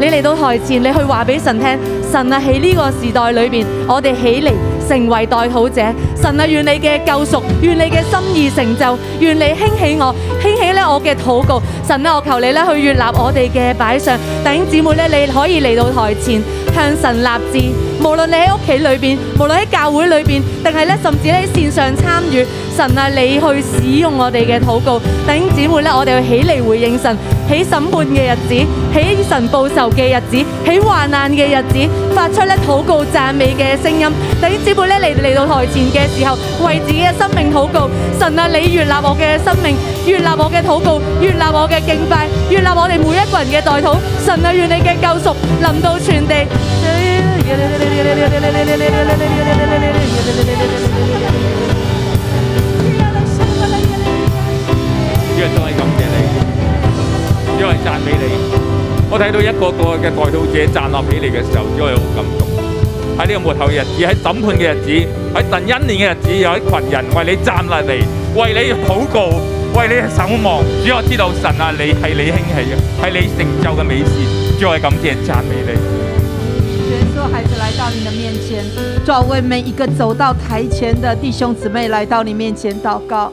你嚟到台前，你去話俾神聽，神啊，喺呢個時代裏邊，我哋起嚟，成為代禱者，神啊，願你嘅救贖，願你嘅心意成就，願你興起我，興起我嘅禱告，神我求你去悅納我哋嘅擺上，弟兄姊，姊妹你可以嚟到台前向神立志，無論你喺屋企裏面，無論喺教會裏面，定係甚至喺線上參與。神啊，你去使用我哋嘅禱告，弟兄姊妹咧，我哋去起嚟回應神，喺審判嘅日子，喺神報仇嘅日子，喺患難嘅日子，發出咧禱告讚美嘅聲音。弟兄姊妹咧嚟嚟到台前嘅時候，為自己嘅生命禱告。神啊，你悅納我嘅生命，悅納我嘅禱告，悅納我嘅敬拜，悅納我哋每一個人嘅代禱。神啊，願你嘅救贖臨到全地。只為讚美你。我睇到一個一個嘅代禱者站立起嚟嘅時候，只係好感動。喺呢個末後日子，喺審判嘅日子，喺神恩年嘅日子，有一群人為你站立嚟，為你禱告，為你守望。主，我知道神啊，是你係你興起嘅，係你成就嘅美事，就係咁點讚美你。耶穌孩子來到你嘅面前，作為每一個走到台前的弟兄姊妹，來到你面前禱告。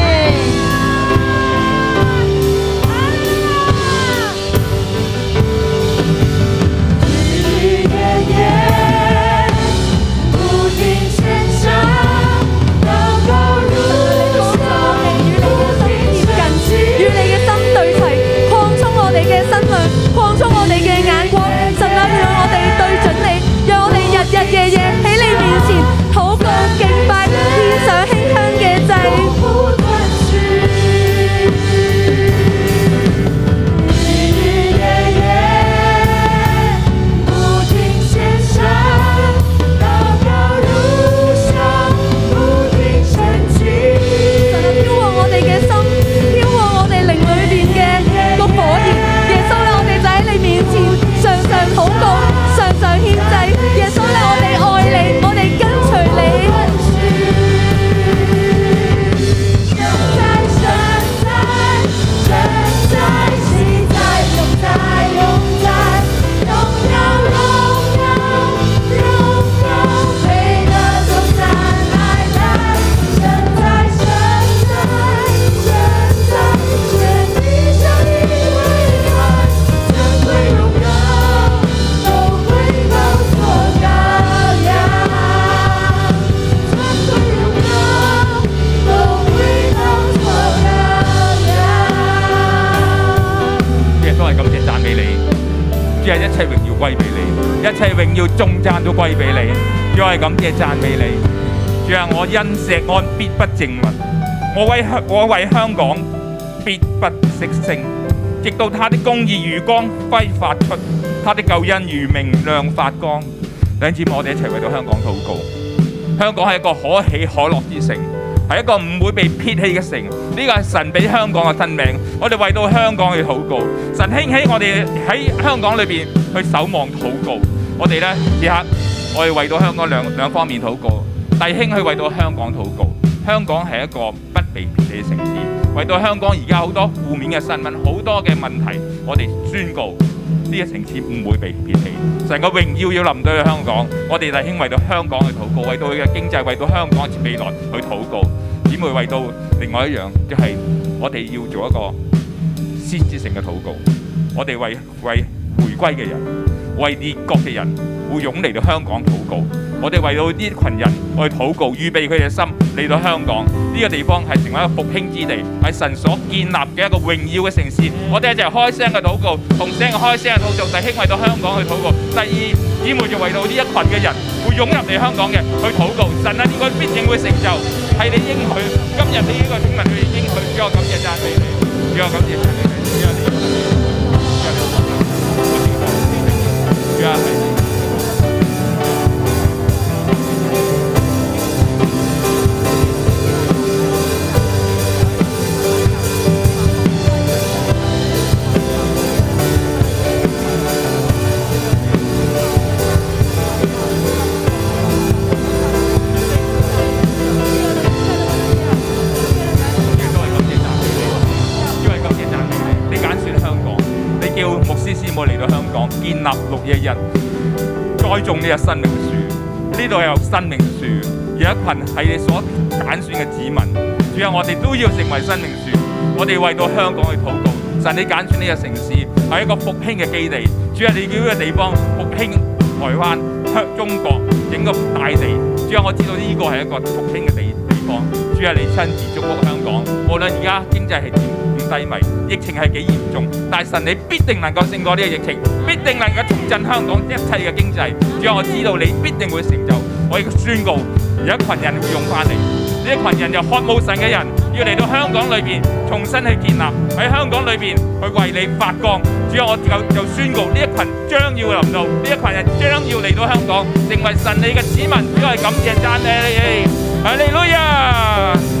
歸俾你，一切榮耀眾讚都歸俾你。若係咁，即係讚俾你。主，我因錫安必不靜默，我為香我為香港必不息聲，直到他的公義如光輝發出，他的救恩如明亮發光。兩姊妹，我哋一齊為到香港禱告。香港係一個可喜可樂之城。係一個唔會被撇棄嘅城，呢個係神給香港嘅生命。我哋為到香港去禱告，神興起我哋喺香港裏面去守望禱告。我哋呢，此刻我哋為到香港兩兩方面禱告，弟兄去為到香港禱告。香港係一個不被撇棄嘅城市，為到香港而家好多負面嘅新聞，好多嘅問題，我哋宣告。呢個城市唔會被撇棄，成個榮耀要臨到去香港，我哋弟兄為到香港去禱告，為到佢嘅經濟，為到香港未來去禱告。姊妹為到另外一樣，就係、是、我哋要做一個先知性嘅禱告。我哋為為回歸嘅人，為列國嘅人會湧嚟到香港禱告。我哋為到呢羣人去禱告，預備佢哋嘅心嚟到香港呢個地方，係成為一個復興之地，係神所建立嘅一個榮耀嘅城市。我哋一直開聲嘅禱告，同聲嘅開聲嘅禱告，弟兄們為到香港去禱告。第二，姊妹就為到呢一羣嘅人會湧入嚟香港嘅去禱告。神啊，呢個必定會成就，係你應許。今日呢個天民你應許咗，感謝讚，謝，謝，謝。一日栽種呢個生命樹，呢度有生命樹，有一群係你所揀選嘅子民。主要我哋都要成為生命樹。我哋為到香港去禱告，神你揀選呢個城市係一個復興嘅基地。主啊，你叫呢個地方復興台灣、香中國整個大地。主要我知道呢個係一個復興嘅地地方。主啊，你親自祝福香港，無論而家經濟係點。低迷，疫情係幾嚴重，但係神你必定能夠勝過呢個疫情，必定能夠重振香港一切嘅經濟。只要我知道你必定會成就，我亦宣告有一群人會用翻嚟，呢一群人就渴慕神嘅人，要嚟到香港裏邊重新去建立，喺香港裏邊去為你發光。只要我就就宣告呢一群將要臨到，呢一群人將要嚟到香港，成為神你嘅子民。只要係感謝讚你，哈利路亞。 Alleluia!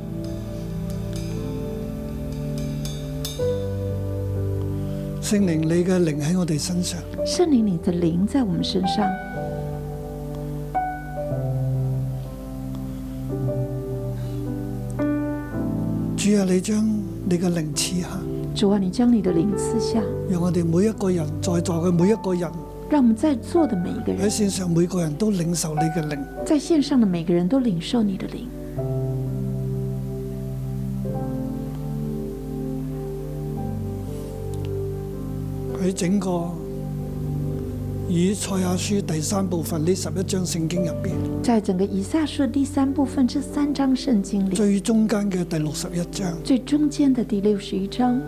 聖靈，你嘅靈喺我哋身上。聖靈，你的靈在我們身上。主啊，你將你嘅靈賜下。主啊，你將你嘅靈賜下。讓我哋每一個人，在座嘅每一個人。讓我們在座嘅每一個人。喺線上，每個人都領受你嘅靈。在線上的每個人都領受你嘅靈。喺整個以賽亞書第三部分呢十一章聖經入邊，在整個以賽亞書第三部分這三章聖經裏，最中間嘅第六十一章，最中間的第六十一章，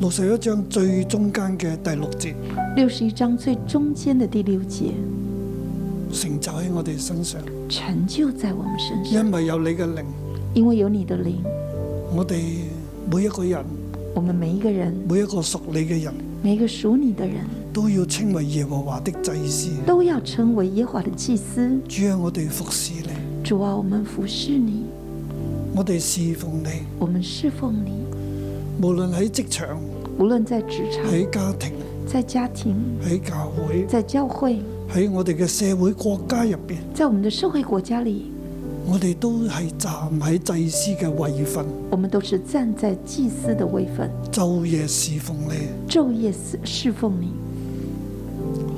六十一章最中間嘅第六節，六十一章最中間的第六節，成就喺我哋身上，成就在我們身上，因為有你嘅靈，因為有你的靈，我哋每一個人。我們每一個人，每一個屬你嘅人，每個屬你嘅人都要稱為耶和華的祭司，都要稱為耶華的祭司。主啊，我哋服侍你。主啊，我們服侍你。我哋侍，侍奉你。我們侍奉你。無論喺職場，無論在職場，喺家庭，在家庭，喺教會，在教會，喺我哋嘅社會國家入邊，在我們的社會國家裏。我哋都係站喺祭司嘅位份，我哋都是站在祭司嘅位份，晝夜侍奉你，晝夜侍奉你。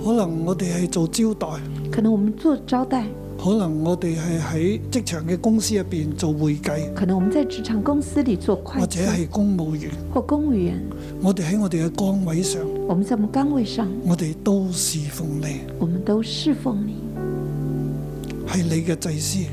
可能我哋係做招待，可能我們做招待，可能我哋係喺職場嘅公司入邊做會計，可能我們在職場公司裏做會計，或者係公務員，或公務員。我哋喺我哋嘅崗位上，我們在我們崗位上，我哋都侍奉你，我們都侍奉你，係你嘅祭司。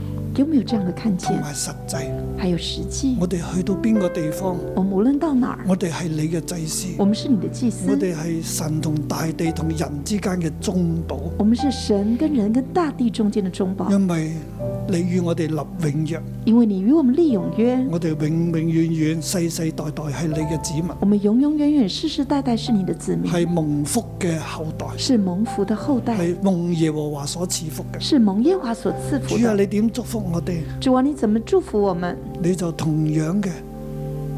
有冇有這樣的看見？實際，還有實際。我哋去到邊個地方，我無論到哪兒，我哋係你嘅祭司。我們是你的祭司。我哋係神同大地同人之間嘅中保。我們是神跟人跟大地中間的中保。因為你與我哋立永約，因為你與我們立永約，我哋永永遠遠世世代代係你嘅子民。我們永永遠，遠遠世世代代是你的子民。係蒙福嘅後代，是蒙福的後代，係蒙，蒙耶和華所賜福嘅，是蒙耶華所賜福。主啊，你點祝福？我哋主啊，你怎麼祝福我們？你就同樣嘅，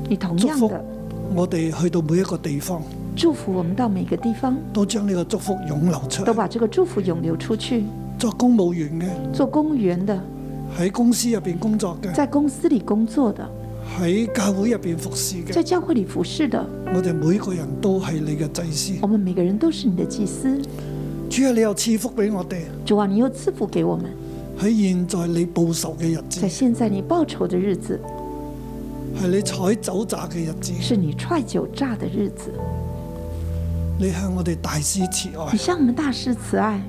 你同樣嘅。我哋去到每一個地方，祝福我們到每個地方，都將呢個祝福湧流出，都把這個祝福湧流出去。做公務員嘅，做公務員的，喺公司入邊工作嘅，在公司裏工作的，喺教會入邊服侍嘅，在教會裏服侍的，我哋每個人都係你嘅祭司，我們每個人都是你的祭司。主啊，你又賜福俾我哋，主啊，你又賜福給我們。喺現在你報仇嘅日子，在現在你報仇嘅日子，係你踩酒炸嘅日子，是你踹酒渣的，的日子。你向我哋大施慈愛，你向我們大施慈愛，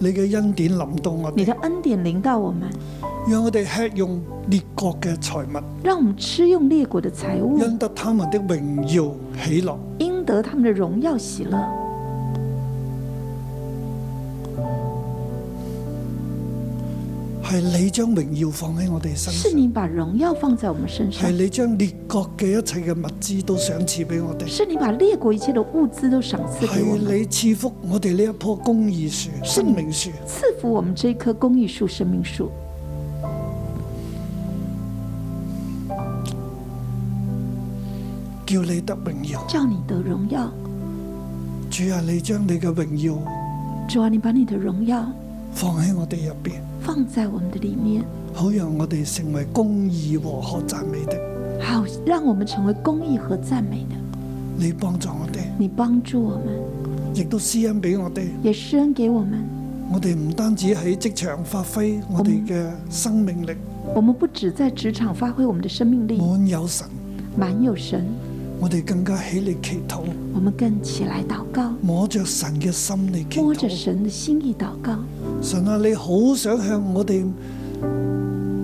你嘅恩典臨到我哋，你的恩典臨到我們，讓我哋吃用列國嘅財物，讓我們吃用列國的財物，應得他們的榮耀喜樂，應得他們的榮耀喜樂。係你將榮耀放喺我哋身上，是你把榮耀放在我們身上。係你將列國嘅一切嘅物資都賞賜俾我哋，是你把列國一切的物資都賞賜俾我哋。係你賜福我哋呢一棵公益樹、生命樹，賜福我們這棵公益樹,樹,樹、生命樹，叫你得榮耀，叫你得榮耀。主啊，你將你嘅榮耀，主啊，你把你的榮耀。放喺我哋入邊，放在我們的裏面，好讓我哋成為公義和誇讚美的，好讓我們成為公義和讚美的。你幫助我哋，你幫助我們，亦都施恩俾我哋，也施恩給我們。我哋唔單止喺職場發揮我哋嘅生命力，我們不止在職場發揮我們的生命力。滿有神，滿有神，我哋更加起力祈禱，我們更起來禱告，摸着神嘅心裏祈禱，摸着神的心意禱告。神啊，你好想向我哋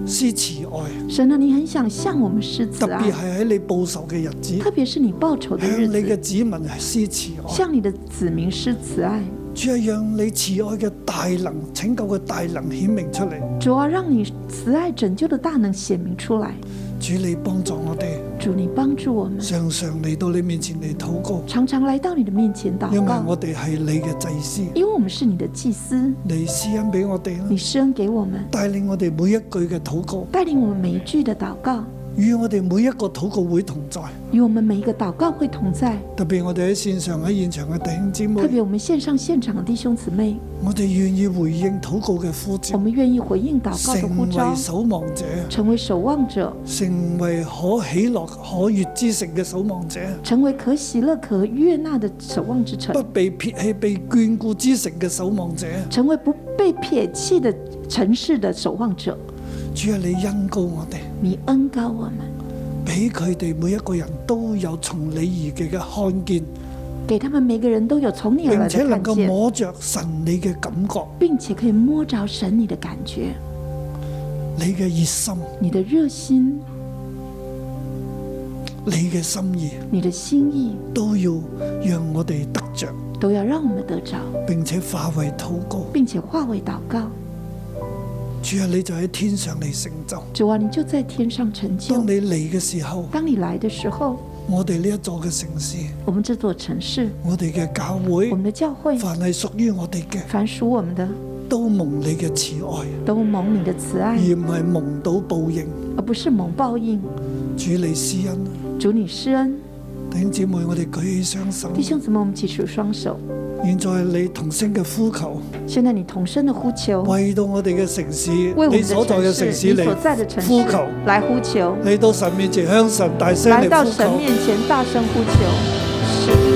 施慈愛。神啊，你很想向我們施慈愛。特別係喺你報仇嘅日子。特別是你報仇嘅日子。向你嘅子民係施慈愛。向你的子民施慈愛。主啊，讓你慈愛嘅大能拯救嘅大能顯明出嚟。主啊，讓你慈愛拯救嘅大能顯明出嚟。主，你幫助我哋。主，你幫助我們，常常嚟到你面前嚟禱告，常常來到你的面前禱告，因為我哋係你嘅祭司，因為我們是你的祭司，你施恩俾我哋，你施恩給我們，帶領我哋每一句嘅禱告，帶領我們每一句的禱告。與我哋每一個禱告會同在，與我們每一個禱告會同在。特別我哋喺線上、喺現場嘅弟兄姊妹，特別我們線上、現場嘅弟兄姊妹。我哋願意回應禱告嘅呼召，我們願意回應禱告嘅呼召，成為守望者，成為守望者，成為可喜樂可悦之城嘅守望者，成為可喜樂可悦納的守望之城，不被撇棄、被眷顧之城嘅守望者，成為不被撇棄的城市的守望者。主啊，你恩膏我哋。你恩膏我們，俾佢哋每一個人都有從你而己嘅看見，給他們每個人都有從你而己。並且能夠摸着神你嘅感覺，並且可以摸着神你的感覺，你嘅熱心，你的熱心，你嘅心意，你的心意，都要讓我哋得着，都要讓我們得着，並且化為禱告，並且化為禱告。主啊，你就喺天上嚟成就。主啊，你就在天上成就。當你嚟嘅時候，當你嚟嘅時候，我哋呢一座嘅城市，我們這座城市，我哋嘅教會，我們的教會，凡係屬於我哋嘅，凡屬我們的，都蒙你嘅慈愛，都蒙你嘅慈愛，而唔係蒙到報應，而不是蒙報應。主你施恩，主你施恩。弟兄姊妹，我哋舉起雙手。弟兄姊妹，我們舉起雙手。現在你同聲嘅呼求，現在你同聲的呼求，為到我哋嘅城市，為我哋嘅城市，你所在嘅城市，城市呼來呼求，嚟到神面前向神大聲嚟呼求，嚟到神面前大聲呼求。